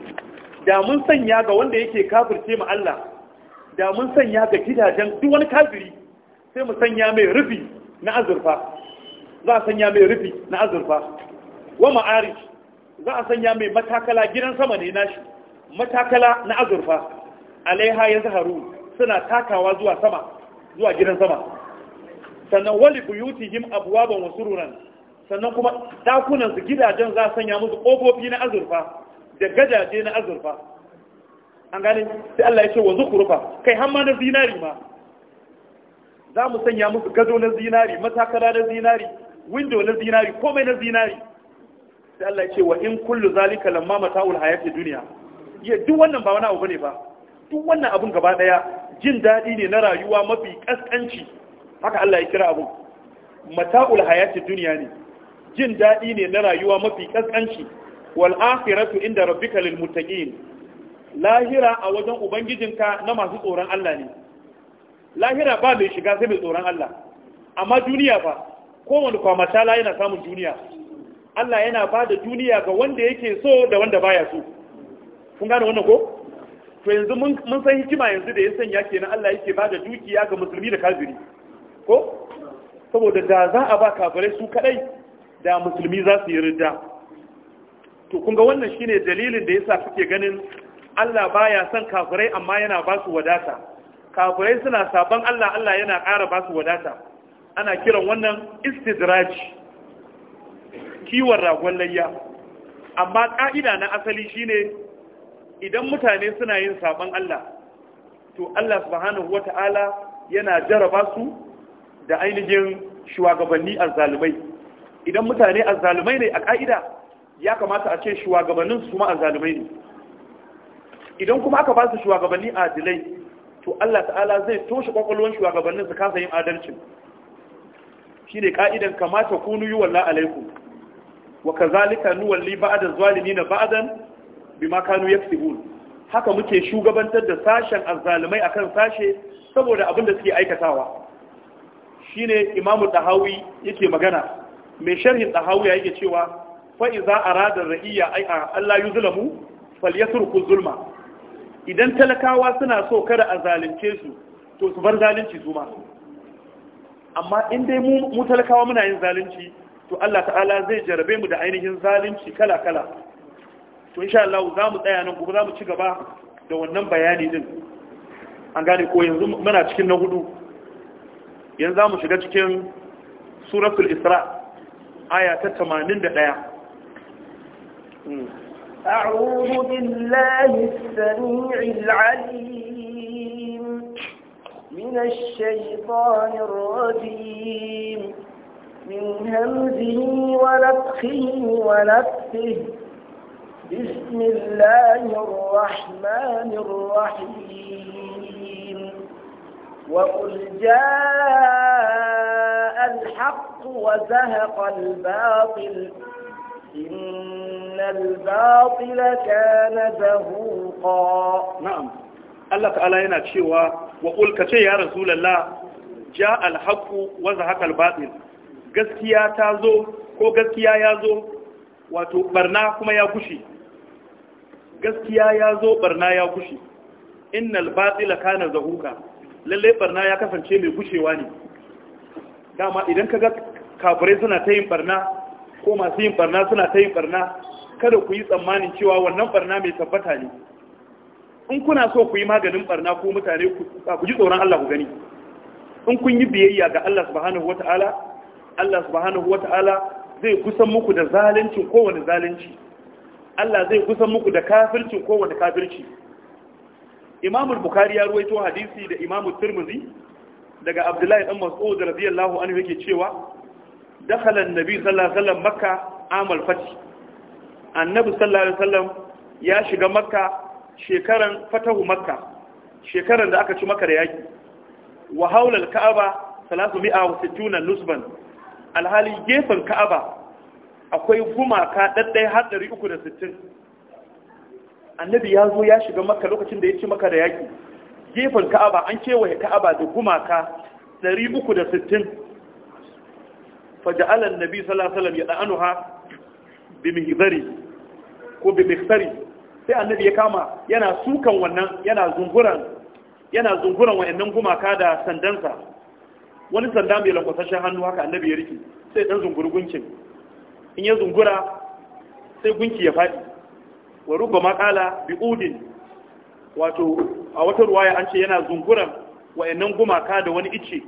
da mun sanya ga wanda yake kafirce mu Allah da mun sanya ga gidajen duk wani kafiri sai mu sanya mai rufi na azurfa za a sanya mai rufi na azurfa wa ma'arij za a sanya mai matakala gidan sama ne nashi matakala na azurfa alaiha ya zaharu suna takawa zuwa sama zuwa gidan sama sannan wali buyutihim abwaban wasu sannan kuma dakunan su gidajen za a sanya musu kofofi na azurfa da gajaje na azurfa an gane sai Allah ya ce wa zukurfa kai har ma na zinari ma za mu sanya musu gado na zinari matakala na zinari window na zinari komai na zinari sai Allah ya ce wa in kullu zalika lamma mata'ul hayati dunya ya duk wannan ba wani abu bane ba duk wannan abun gaba daya jin dadi ne na rayuwa mafi kaskanci haka Allah ya kira abu mata'ul hayati dunya ne jin dadi ne na rayuwa mafi kaskanci wal akhiratu inda rabbika lil muttaqin lahira a wajen ubangijinka na masu tsoron Allah ne lahira ba mai shiga sai mai tsoron Allah amma duniya ba kowane kwamata la yana samun duniya Allah yana ba da duniya ga wanda yake so da wanda baya so kun gane wannan ko to yanzu mun san hikima yanzu da ya sanya kenan Allah yake ba da dukiya ga musulmi da kafiri ko saboda da za a ba kafirai su kadai da musulmi za su yi rida. to kun ga wannan shine dalilin da yasa kuke ganin Allah baya son kafirai amma yana ba su wadata kafirai suna saban Allah Allah yana ƙara ba su wadata ana kiran wannan istidraji kiwon ragon layya amma ka'ida na asali shine idan mutane suna yin saban Allah to Allah subhanahu wata'ala yana jaraba su da ainihin shugabanni azzalumai idan mutane azzalumai ne a ƙa'ida ya kamata a ce shugabannin su ma azzalumai ne idan kuma aka ba su shugabanni adilai to Allah ta'ala zai toshe kwakwalwar shugabannin su kasa yin adalcin shi ne ka'idan kamata kunu yi wallah alaikum wa kazalika nuwalli ba'da zalimina ba'dan bima kanu haka muke shugabantar da sashen azzalumai akan sashe saboda abin da suke aikatawa shine imamu dahawi yake magana mai sharhin dahawi yake cewa fa iza arada ra'iya ay Allah yuzlamu falyatruku zulma idan talakawa suna so kada a zalunce su to su bar zalunci su ma amma in dai mu talakawa muna yin zalunci to Allah ta'ala zai jarabe mu da ainihin zalunci kala-kala to insha Allah za mu tsaya nan kuma za mu ci gaba da wannan bayani din an gane ko yanzu muna cikin na hudu yanzu za mu shiga cikin suratul isra aya ta 81 hmm. أعوذ بالله السميع العليم من الشيطان الرجيم من همزه ونفخه ونفسه بسم الله الرحمن الرحيم وقل جاء الحق وزهق الباطل إن الباطل كان زهوقا نعم الله تعالى هنا تشيوا وقل كتي يا رسول الله جاء الحق وزهق الباطل gaskiya ta zo ko gaskiya ya zo wato barna kuma ya gushi gaskiya ya zo barna ya gushi innal batila kana zahuka lalle barna ya kasance mai kushewa ne dama idan kaga kafirai suna ta yin barna ko masu yin barna suna ta yin barna kada ku yi tsammanin cewa wannan barna mai tabbata ne in kuna so ku yi maganin barna ko mutane ku ji tsoron Allah ku gani in kun yi biyayya ga Allah subhanahu wataala Allah subhanahu wata'ala zai kusan muku da zalincin kowane zalunci Allah zai kusan muku da kafircin kowane kafirci Imam al-Bukhari ya ruwaito hadisi da Imam Tirmidhi daga Abdullahi ibn Mas'ud radiyallahu anhu yake cewa dakhala an-nabi sallallahu alaihi wasallam Makka amal Fati, Annabi sallallahu alaihi wasallam ya shiga Makka shekaran fatahu Makka shekaran da aka ci Makka da yaki wa haula al-Ka'aba 360 nusban alhali gefen ka'aba akwai gumaka ɗaɗɗai har ɗari uku da sittin annabi ya zo ya shiga maka lokacin da ya ci maka da yaƙi gefen ka'aba an kewaye ka'aba da gumaka ɗari uku da sittin faja'alan nabi salasalam ya ɗa'anu ha bi ko bi sai annabi ya kama yana sukan wannan yana zunguran yana zunguran wa'annan gumaka da sandansa wani sanda mai lankwasashen hannu haka annabi ya riki sai dan zunguri gunkin in ya zungura sai gunki ya faɗi wa rubba maƙala bi udin wato a wata ruwaya an ce yana zunguran wa'annan gumaka da wani ice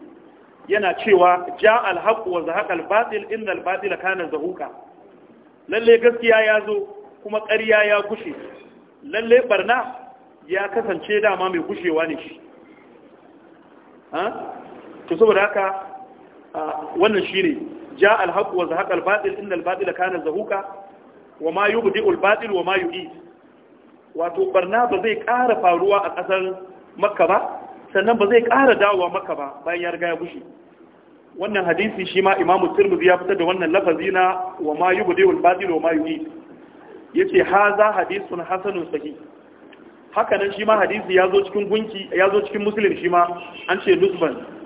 yana cewa ja alhaq wa zahaq albatil inna albatila kana zahuka lalle gaskiya ya zo kuma ƙarya ya gushe lalle barna ya kasance dama mai gushewa ne shi to saboda haka wannan shine ja al-haqq wa zahaq al-batil inna al kana zahuka wa ma yubdi al-batil wa ma yu'id wato barna ba zai ƙara faruwa a ƙasar makka ba sannan ba zai ƙara dawowa makka ba bayan ya riga ya bushe wannan hadisi shi ma imamu tirmidhi ya fitar da wannan lafazi na wa ma yubdi al-batil wa ma yu'id yace haza hadithun hasanun sahih haka nan shi ma hadisi ya zo cikin gunki ya cikin muslim shi ma an ce nusban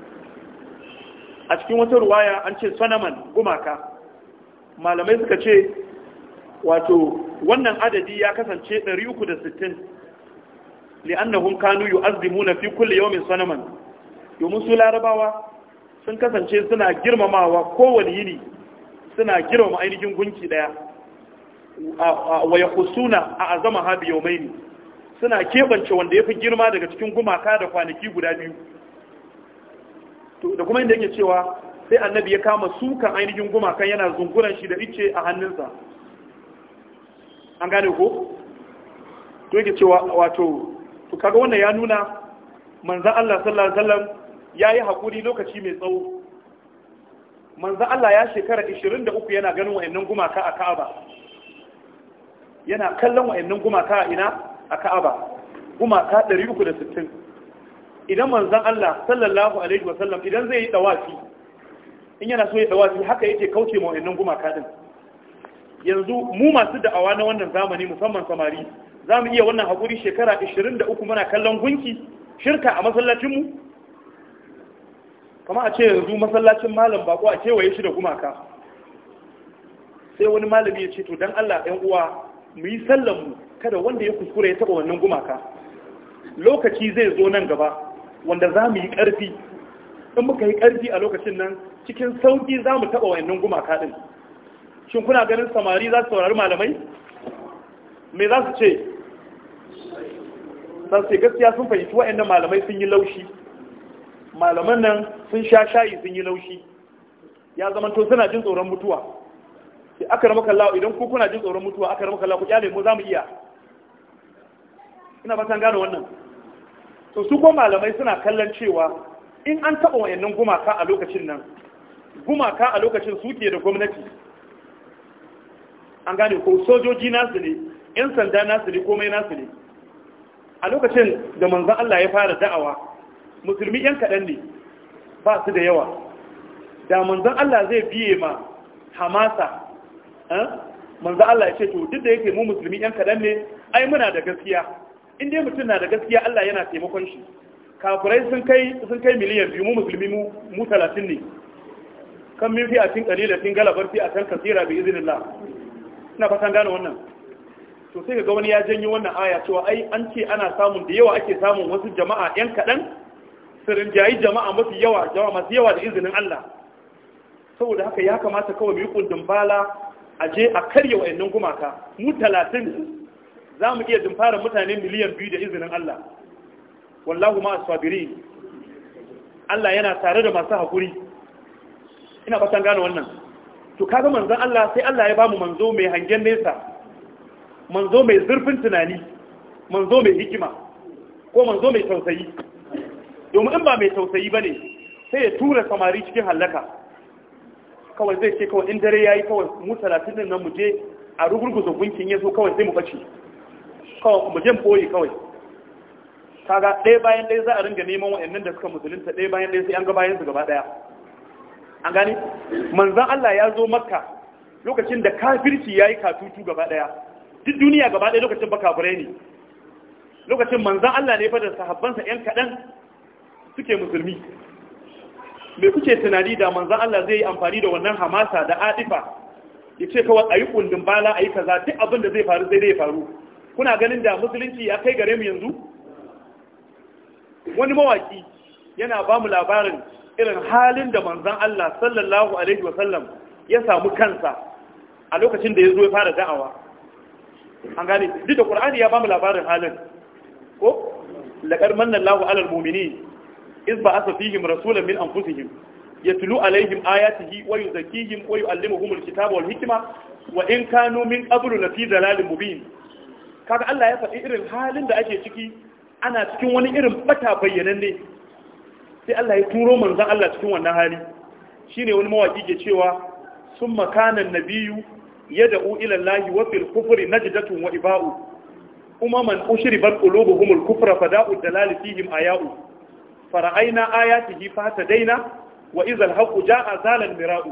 a cikin wata ruwaya an ce sanaman gumaka malamai suka ce wato wannan adadi ya kasance 360 li'annahum kanu yu'azzimuna fi kulli yawmin sanaman domin su larabawa sun kasance suna girmamawa kowane yini suna girmama ainihin gunki daya wa yakhusuna a azama habi ne. suna kebance wanda yafi girma daga cikin gumaka da kwanaki guda biyu da kuma inda yake cewa sai annabi ya kama sukan ainihin gumakan yana zunguran shi da ice a hannunsa an gane ko to yake cewa wato to kaga wannan ya nuna manzan Allah sallallahu alaihi wasallam yayi hakuri lokaci mai tsawo manzan Allah ya shekara 23 yana ganin wayannan gumaka a Ka'aba yana kallon wayannan gumaka a ina a Ka'aba gumaka 360 idan manzan Allah sallallahu alaihi wasallam idan zai yi dawafi in yana so ya dawafi haka yake kauce ma wannan gumaka din yanzu mu masu da'awa na wannan zamani musamman samari za mu iya wannan haƙuri shekara 23 muna kallon gunki shirka a masallacinmu kama a ce yanzu masallacin malam bako a kewaye shi da gumaka sai wani malami ya ce to don allah ɗan uwa mu yi sallanmu kada wanda ya kuskura ya taɓa wannan gumaka lokaci zai zo nan gaba wanda za mu yi ƙarfi in muka yi ƙarfi a lokacin nan cikin sauƙi za mu taɓa wayannan gumaka ɗin shin kuna ganin samari za su saurari malamai me za su ce sai gaskiya sun fahimci wayannan malamai sun yi laushi malaman nan sun sha shayi sun yi laushi ya zama to suna jin tsoron mutuwa sai aka rama kallawa idan ku kuna jin tsoron mutuwa aka rama kallawa ku kyale mu za mu iya ina ba san gano wannan to su ko malamai suna kallon cewa in an taɓa wayannan gumaka a lokacin nan gumaka a lokacin suke da gwamnati an gane ko sojoji nasu ne yan sanda nasu ne komai nasu ne a lokacin da manzan Allah ya fara da'awa musulmi yan kaɗan ne ba su da yawa da manzan Allah zai biye ma hamasa eh? manzan Allah ya ce to duk da yake mu musulmi yan kaɗan ne ai muna da gaskiya in dai mutum na da gaskiya Allah yana taimakon shi Kafurai sun kai sun kai miliyan biyu mu musulmi mu mu 30 ne kan min fi a cin kalilatin galabar fi a kan kasira bi iznillah ina fatan gane wannan to sai ga wani ya janyo wannan aya cewa ai an ce ana samun da yawa ake samun wasu jama'a yan kadan sirrin jayi jama'a mafi yawa jama'a masu yawa da izinin Allah saboda haka ya kamata kawai mu yi kundin bala a je a karya wayannan gumaka mu 30 za mu iya jimfara mutane miliyan biyu da izinin Allah wallahu ma asabiri Allah yana tare da masu haƙuri. ina fatan gane wannan to kaga manzon Allah sai Allah ya bamu manzo mai hangen nesa manzo mai zurfin tunani manzo mai hikima ko manzo mai tausayi domin in ba mai tausayi ne, sai ya tura samari cikin halaka kawai zai ce kawai in dare yayi kawai mu 30 nan mu je a rugurguza gunkin yaso kawai zai mu bace kawai mu je boye kawai kaga ɗaya bayan ɗaya za a ringa neman wa'annan da suka musulunta ɗaya bayan ɗaya sai an ga bayan su gaba ɗaya an gani manzan Allah ya zo makka lokacin da kafirci ya yi katutu gaba ɗaya duk duniya gaba ɗaya lokacin baka kafirai ne lokacin manzan Allah ne fadar sahabbansa ‘yan kaɗan suke musulmi me kuke tunani da manzan Allah zai yi amfani da wannan hamasa da adifa ya ce kawai a yi kundin bala a yi kaza duk abin da zai faru sai dai ya faru kuna ganin da musulunci ya kai gare mu yanzu wani mawaki yana ba mu labarin irin halin da manzan Allah sallallahu alaihi wasallam ya samu kansa a lokacin da ya zo ya fara da'awa an gane duk da ƙur'ani ya ba mu labarin halin ko laqad manna Allahu 'alal mu'minin iz ba'atha fihim rasulan min anfusihim yatlu 'alayhim ayatihi wa yuzakkihim wa yu'allimuhum al-kitaba wal hikma wa in kanu min qablu lafi dhalalin mubin kaga Allah ya faɗi irin halin da ake ciki ana cikin wani irin bata ne. sai Allah ya turo manzon Allah cikin wannan hali shine wani mawaki ke cewa sun makanan nabiyu yad'u ila Allah wa fil kufri najdatun wa iba'u umaman ushribat qulubuhum al kufra fada'u dalal fihim aya'u fara'ayna ayatihi daina wa idha al haqqu ja'a zalal mira'u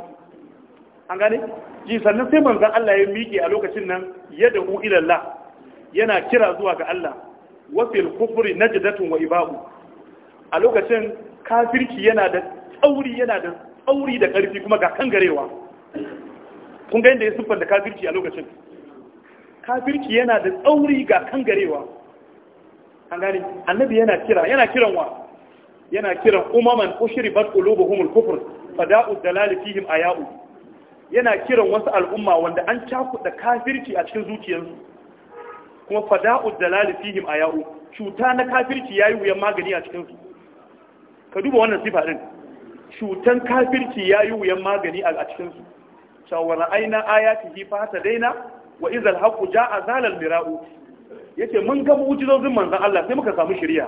an gane ji sannan sai manzon Allah ya miƙe a lokacin nan yad'u ila Allah yana kira zuwa ga Allah wa fil kufri najdatun wa ibahu a lokacin kafirki yana da tsauri yana da tsauri da ƙarfi kuma ga kangarewa kun ga yadda ya da kafirci a lokacin kafirci yana da tsauri ga kangarewa an gani annabi yana kira yana kiran wa yana kiran umaman ushribat qulubuhumul kufr fada'u dalal fihim aya'u yana kiran wasu al'umma wanda an cakuɗa kafirci a cikin zuciyarsu kuma fada'u dalali fihim ayau cuta na kafirci yayi wuyan magani a cikin su ka duba wannan sifa din cutan kafirci yayi wuyan magani a cikin su shawara aina ayatihi fa ta daina wa izal haqu ja'a zalal mira'u yace mun ga mu'jizozin manzon Allah sai muka samu shari'a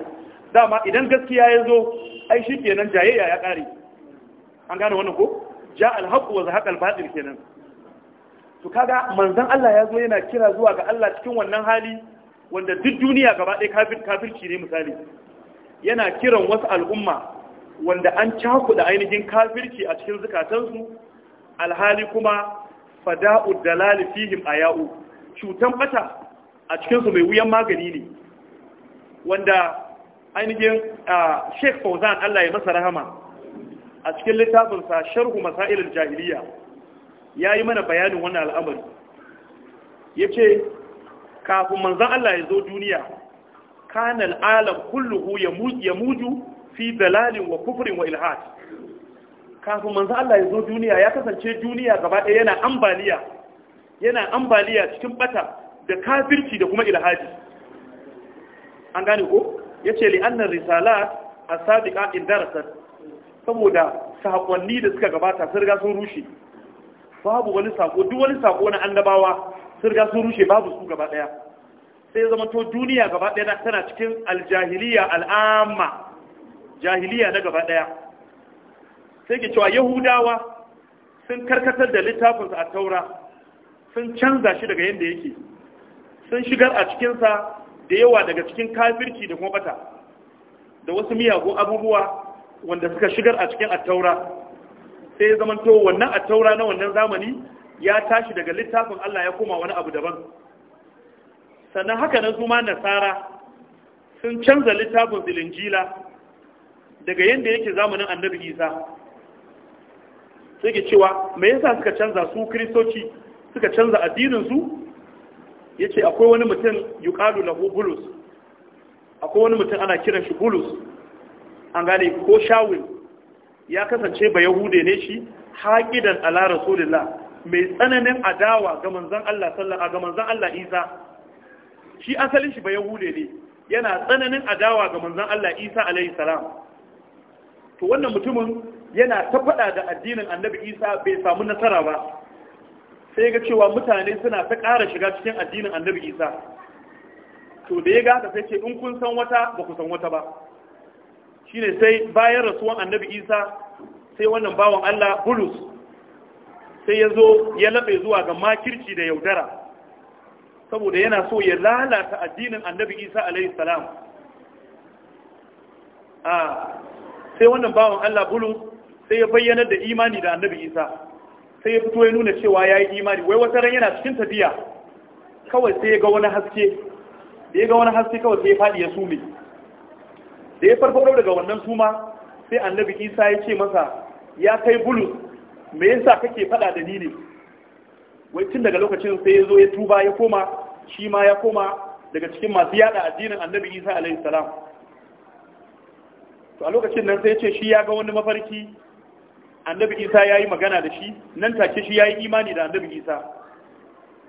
dama idan gaskiya ya zo ai shi jayayya ya kare an gane wannan ko ja alhaq wa zahaq batil kenan to kaga manzon Allah ya zo yana kira zuwa ga Allah cikin wannan hali wanda duk duniya gaba ɗaya kafir kafirci ne misali yana kiran wasu al'umma wanda an cakuɗa ainihin kafirci a cikin zukatansu alhali kuma fada'u dalali fihim ayau cutan bata a cikin mai wuyan magani ne wanda ainihin Sheikh Fauzan Allah ya masa rahama a cikin littafinsa sharhu masailul jahiliya ya yi mana bayanin wannan al'amari ya ce kafin manzan Allah ya zo duniya kanan alam kulluhu ya muju fi dalalin wa kufurin wa ilhad kafin manzan Allah ya zo duniya ya kasance duniya gaba ɗaya yana ambaliya yana ambaliya cikin bata da kafirci da kuma ilhadi an gane ko ya ce li'annan risala a sadiqa indarasar saboda saƙonni da suka gabata sun riga sun rushe babu wani sako duk wani sako na annabawa sun riga sun rushe babu su gaba daya sai zama to duniya gaba daya tana cikin aljahiliya al'amma jahiliya na gaba daya sai ke cewa yahudawa sun karkatar da littafinsa a taura sun canza shi daga yadda yake sun shigar a cikinsa da yawa daga cikin kafirci da kuma bata da wasu miyagun abubuwa wanda suka shigar a cikin attaura sai ya zama to wannan a taura na wannan zamani ya tashi daga littafin Allah ya koma wani abu daban sannan haka nan su nasara sun canza littafin zilinjila daga yadda yake zamanin annabi isa sai cewa me yasa suka canza su kristoci suka canza addininsu ya ce akwai wani mutum yuƙalu lahu bulus akwai wani mutum ana kiran shi bulus an gane ko shawin. ya kasance ba yahude ne shi haƙidan ala rasulullah mai tsananin adawa ga manzon Allah sallallahu ga manzon Allah Isa shi asalin shi ba yahude ne yana tsananin adawa ga manzon Allah Isa alaihi salam to wannan mutumin yana ta faɗa da addinin Annabi Isa bai samu nasara ba sai ga cewa mutane suna ta ƙara shiga cikin addinin Annabi Isa to da ya ga sai ce in kun san wata ba ku san wata ba shine sai bayan rasuwan annabi isa sai wannan bawan allah bulus sai ya zo ya laɓe zuwa ga makirci da yaudara saboda yana so ya lalata addinin annabi isa alaihi salam ah, sai wannan bawan allah bulus sai ya bayyanar da imani da annabi isa sai ya fito ya nuna cewa ya yi imani wai wata ran yana cikin tafiya kawai sai ya ga wani haske da ya ga wani haske kawai sai ya faɗi ya sume da ya farfaro daga wannan suma sai annabi isa ya ce masa ya kai bulus me yasa kake fada da ni ne wai tun daga lokacin sai ya zo ya tuba ya koma shi ma ya koma daga cikin masu yada addinin annabi isa alaihi salam to a lokacin nan sai ya ce shi ya ga wani mafarki annabi isa ya yi magana da shi nan take shi ya yi imani da annabi isa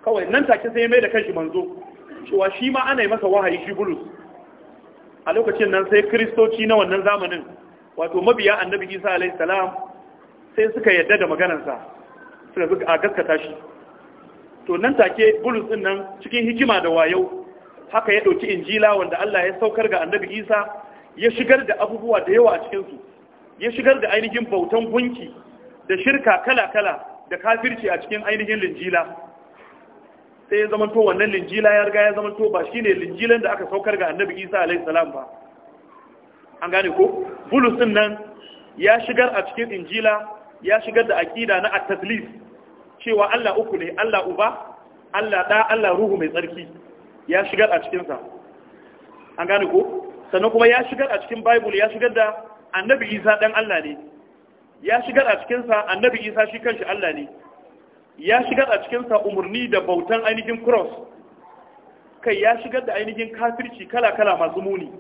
kawai nan take sai ya mai da kanshi manzo cewa shi ma ana yi masa wahayi shi bulus a lokacin nan sai kristoci na wannan zamanin wato mabiya annabi isa alaihi sai suka yadda da maganarsa suka zuka a gaskata shi to nan take bulus din nan cikin hikima da wayo haka ya ɗauki injila wanda Allah ya saukar ga annabi isa ya shigar da abubuwa da yawa a cikinsu, ya shigar da ainihin bautan gunki da shirka kala-kala da kafirci a cikin ainihin linjila sai ya zama to wannan linjila ya riga ya zama to ba shine linjilan da aka saukar ga annabi isa alaihi salam ba an gane ko bulus din nan ya shigar a cikin injila ya shigar da aqida na at-taslis cewa Allah uku ne Allah uba Allah da Allah ruhu mai tsarki ya shigar a cikin sa an gane ko sannan kuma ya shigar a cikin bible ya shigar da annabi isa dan Allah ne ya shigar a cikin sa annabi isa shi kanshi Allah ne ya shigar a cikinsa umarni da bautan ainihin cross kai ya shigar da ainihin kafirci kala-kala masu muni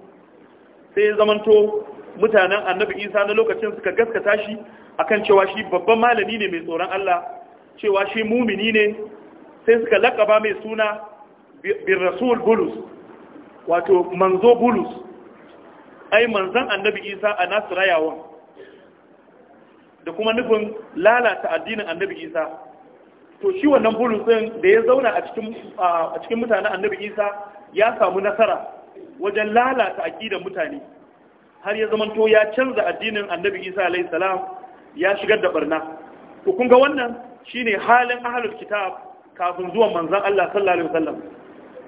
sai ya zamanto mutanen annabi isa na lokacin suka gaskata shi akan cewa shi babban malami ne mai tsoron Allah cewa shi mumini ne sai suka lakaba mai suna bin rasul bulus wato manzo bulus ai manzan annabi isa a nasu rayawan da kuma nufin lalata addinin annabi isa to shi wannan bulus din da ya zauna a cikin a annabi isa ya samu nasara wajen lalata aqidar mutane har ya zamanto ya canza addinin annabi isa alayhi salam ya shigar da barna to kun ga wannan shine halin ahlul kitab kafin zuwan manzon Allah sallallahu alaihi wasallam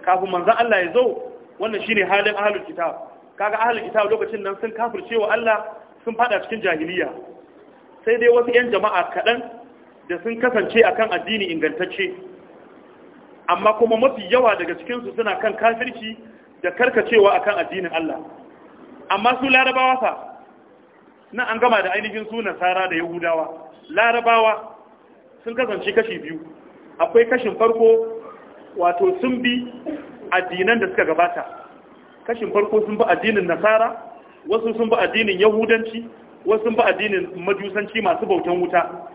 kafin manzon Allah ya zo wannan shine halin ahlul kitab kaga ahlul kitab lokacin nan sun kafircewa Allah sun fada cikin jahiliya sai dai wasu yan jama'a kadan da sun kasance a kan addini ingantacce amma kuma mafi yawa daga cikinsu suna kan kafirci da karkacewa kan addinin Allah amma su larabawa fa na an gama da ainihin su nasara da yahudawa larabawa sun kasance kashi biyu akwai kashin farko wato sun bi addinan da suka gabata kashin farko sun bi addinin nasara wasu sun bi addinin yahudanci wasu sun bi addinin majusanci masu bautan wuta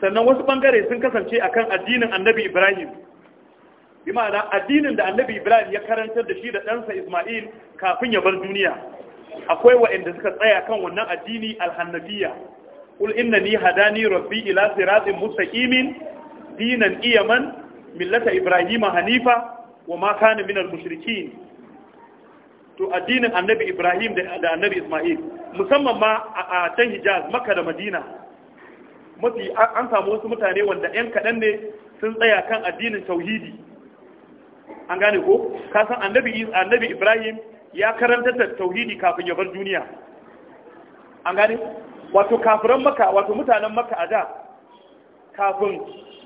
sannan wasu bangare sun kasance akan addinin annabi ibrahim bi ma'ana addinin da annabi ibrahim ya karantar da shi da ɗansa ismail kafin ya bar duniya akwai waɗanda suka tsaya kan wannan addini alhannabiya qul innani hadani rabbi ila siratin mustaqimin dinan iyaman millata ibrahima hanifa wa ma kana minal mushrikin to addinin annabi ibrahim da annabi ismail musamman ma a can hijaz makka da madina mafi an samu wasu mutane wanda 'yan kaɗan ne sun tsaya kan addinin tauhidi an gane ko kasan annabi ibrahim ya karanta tauhidi kafin ya bar duniya an gane wato kafiran maka wato mutanen maka a da kafin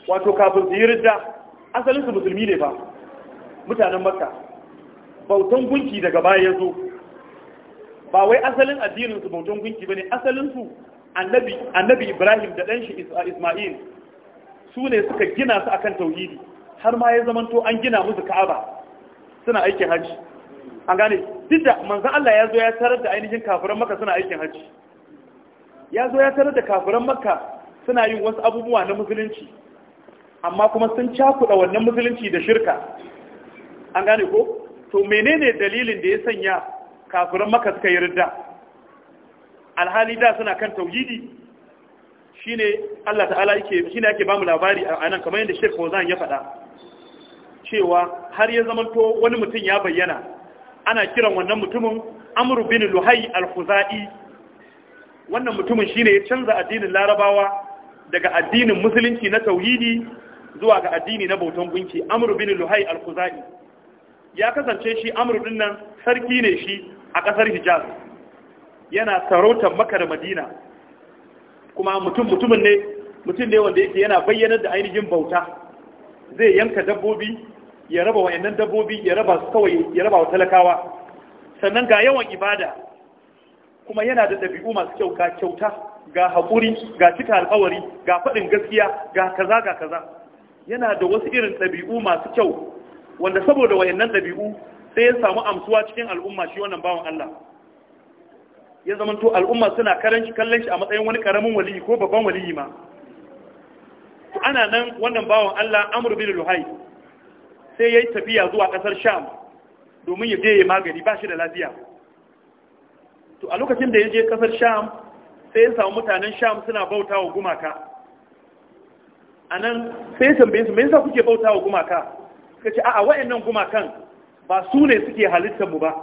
wato kafin su yi rida asalin su musulmi ne ba mutanen maka bautan gunki daga baya ya zo ba wai asalin addinin su bautan gunki bane asalin su annabi ibrahim da shi isma'il su ne suka gina su akan tauhidi har ma ya zamanto an gina musu ka'aba suna aikin hajji an gane duk da manzan Allah ya zo ya tarar da ainihin kafiran makka suna aikin hajji ya zo ya tarar da kafiran makka suna yin wasu abubuwa na musulunci amma kuma sun cakuɗa wannan musulunci da shirka an gane ko to menene dalilin da ya sanya kafiran makka suka yi ridda alhali da suna kan tauhidi shine Allah ta'ala yake shine yake bamu labari a nan kamar yadda Sheikh Fauzan ya faɗa cewa har ya zamanto wani mutum ya bayyana ana kiran wannan mutumin Amr bin Luhai, al-Khuzai wannan mutumin shine ya canza addinin Larabawa daga addinin musulunci na tauhidi zuwa ga addini na bautan gunki Amr bin Luhai, al-Khuzai ya kasance shi Amr din nan sarki ne shi a kasar Hijaz yana sarautar maka da madina kuma mutum mutumin ne mutum ne wanda yake yana bayyana da ainihin bauta zai yanka dabbobi ya raba wa'annan dabbobi ya raba su kawai ya raba wa talakawa sannan ga yawan ibada kuma yana da ɗabi'u masu kyau ga kyauta ga haƙuri ga cika alƙawari ga faɗin gaskiya ga kaza ga kaza yana da wasu irin ɗabi'u masu kyau wanda saboda wayannan ɗabi'u sai ya samu amsuwa cikin al'umma shi wannan bawan Allah ya zama to al'umma suna karanci kallon shi a matsayin wani karamin waliyi ko babban waliyi ma to ana nan wannan bawan Allah Amr bin Luhai sai yayi tafiya zuwa kasar Sham domin ya je ya magani ba shi da lafiya to a lokacin da ya je kasar Sham sai ya samu mutanen Sham suna bautawa gumaka anan sai ya tambaye su me yasa kuke bautawa gumaka suka ce a'a wa'annan gumakan ba su ne suke halittar mu ba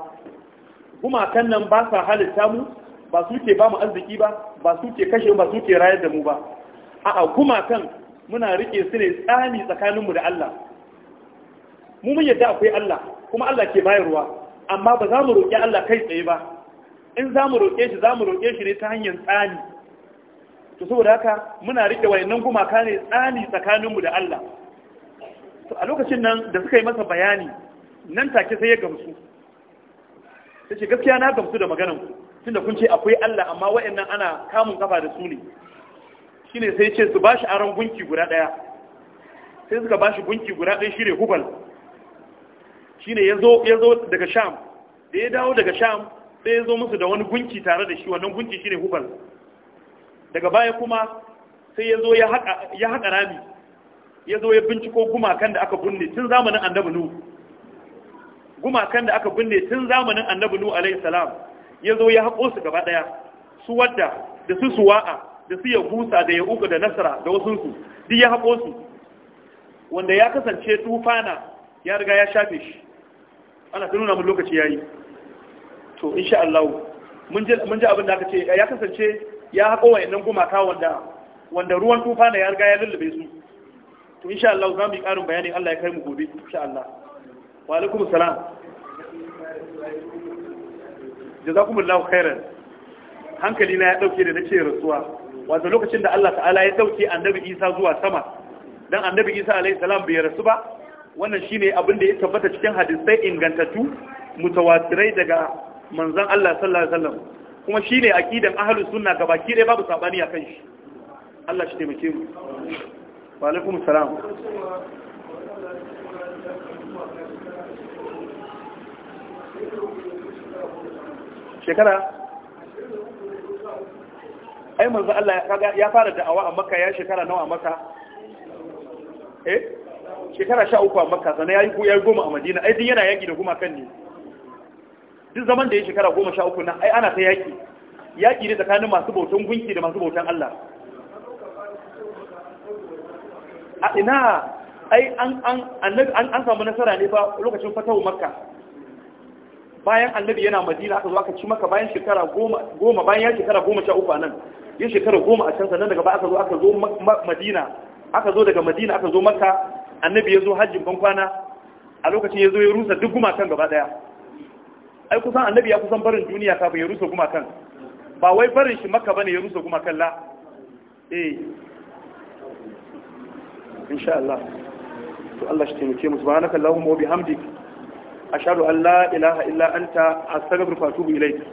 gumakan nan ba sa halitta mu ba su ke ba mu arziki ba ba su ke kashe ba su ke rayar da mu ba a'a gumakan muna rike su ne tsani tsakaninmu da Allah mu mun yadda akwai Allah kuma Allah ke bayarwa amma ba za mu roƙi Allah kai tsaye ba in za mu roƙe shi za mu roƙe shi ne ta hanyar tsani to saboda haka muna rike wayannan gumaka ne tsani tsakaninmu da Allah to a lokacin nan da suka yi masa bayani nan take sai ya gamsu Sai ce gaskiya na gamsu da maganan ku tunda kun ce akwai Allah amma waɗannan ana kamun kafa da su ne shine sai ce su bashi aron gunki guda daya sai suka bashi gunki guda ɗaya shine Hubal shine yazo yazo daga Sham da ya dawo daga Sham sai yazo musu da wani gunki tare da shi wannan gunki shine Hubal daga baya kuma sai yazo ya haka ya haka rami yazo ya binciko gumakan da aka bunne tun zamanin Annabi Nuhu gumakan da aka binne tun zamanin annabi nu alayhi salam ya zo ya haƙo su gaba ɗaya su wadda da su suwa'a da su ya gusa da ya uku da nasara da wasu su duk ya haƙo su wanda ya kasance tufana ya riga ya shafe shi ana ta nuna mun lokaci yayi to insha Allah mun ji mun ji abin da aka ce ya kasance ya haƙo wayannan gumaka wanda wanda ruwan tufana ya riga ya lullube su to insha Allah za mu yi ƙarin bayani Allah ya kai mu gobe insha Allah wa alaikum salam jazakumullahu khairan hankali na ya dauke da nace rasuwa wato lokacin da Allah ta'ala ya dauke annabi Isa zuwa sama dan annabi Isa alaihi salam bai rasu ba wannan shine abin da ya tabbata cikin hadisai ingantattu mutawatirai daga manzon Allah sallallahu alaihi wasallam kuma shine aqidan ahlus sunna gabaki dai babu sabani kan shi Allah shi taimake mu wa alaikum salam shekara ai manzo Allah ya fara da'awa a makka ya shekara nawa a makka eh shekara sha uku a makka sannan ya yi ya goma a madina ai din yana yaki da kuma kan ne duk zaman da ya shekara goma sha uku na ai ana ta yaki yaki ne tsakanin masu bautan gunki da masu bautan Allah a ina ai an an an samu nasara ne fa lokacin fatawo makka bayan annabi yana madina aka zo aka ci maka bayan shekara goma bayan ya shekara goma sha uku a nan ya shekara goma a can sannan daga ba aka zo aka zo madina aka zo daga madina aka zo maka annabi ya zo hajjin bankwana a lokacin ya zo ya rusa duk gumakan gaba daya ai kusan annabi ya kusan barin duniya kafin ya rusa gumakan ba wai barin shi maka bane ya rusa gumakan la eh insha Allah to Allah shi taimake mu subhanaka allahumma wa bihamdika أشهد أن لا إله إلا أنت أستغفر فأتوب إليك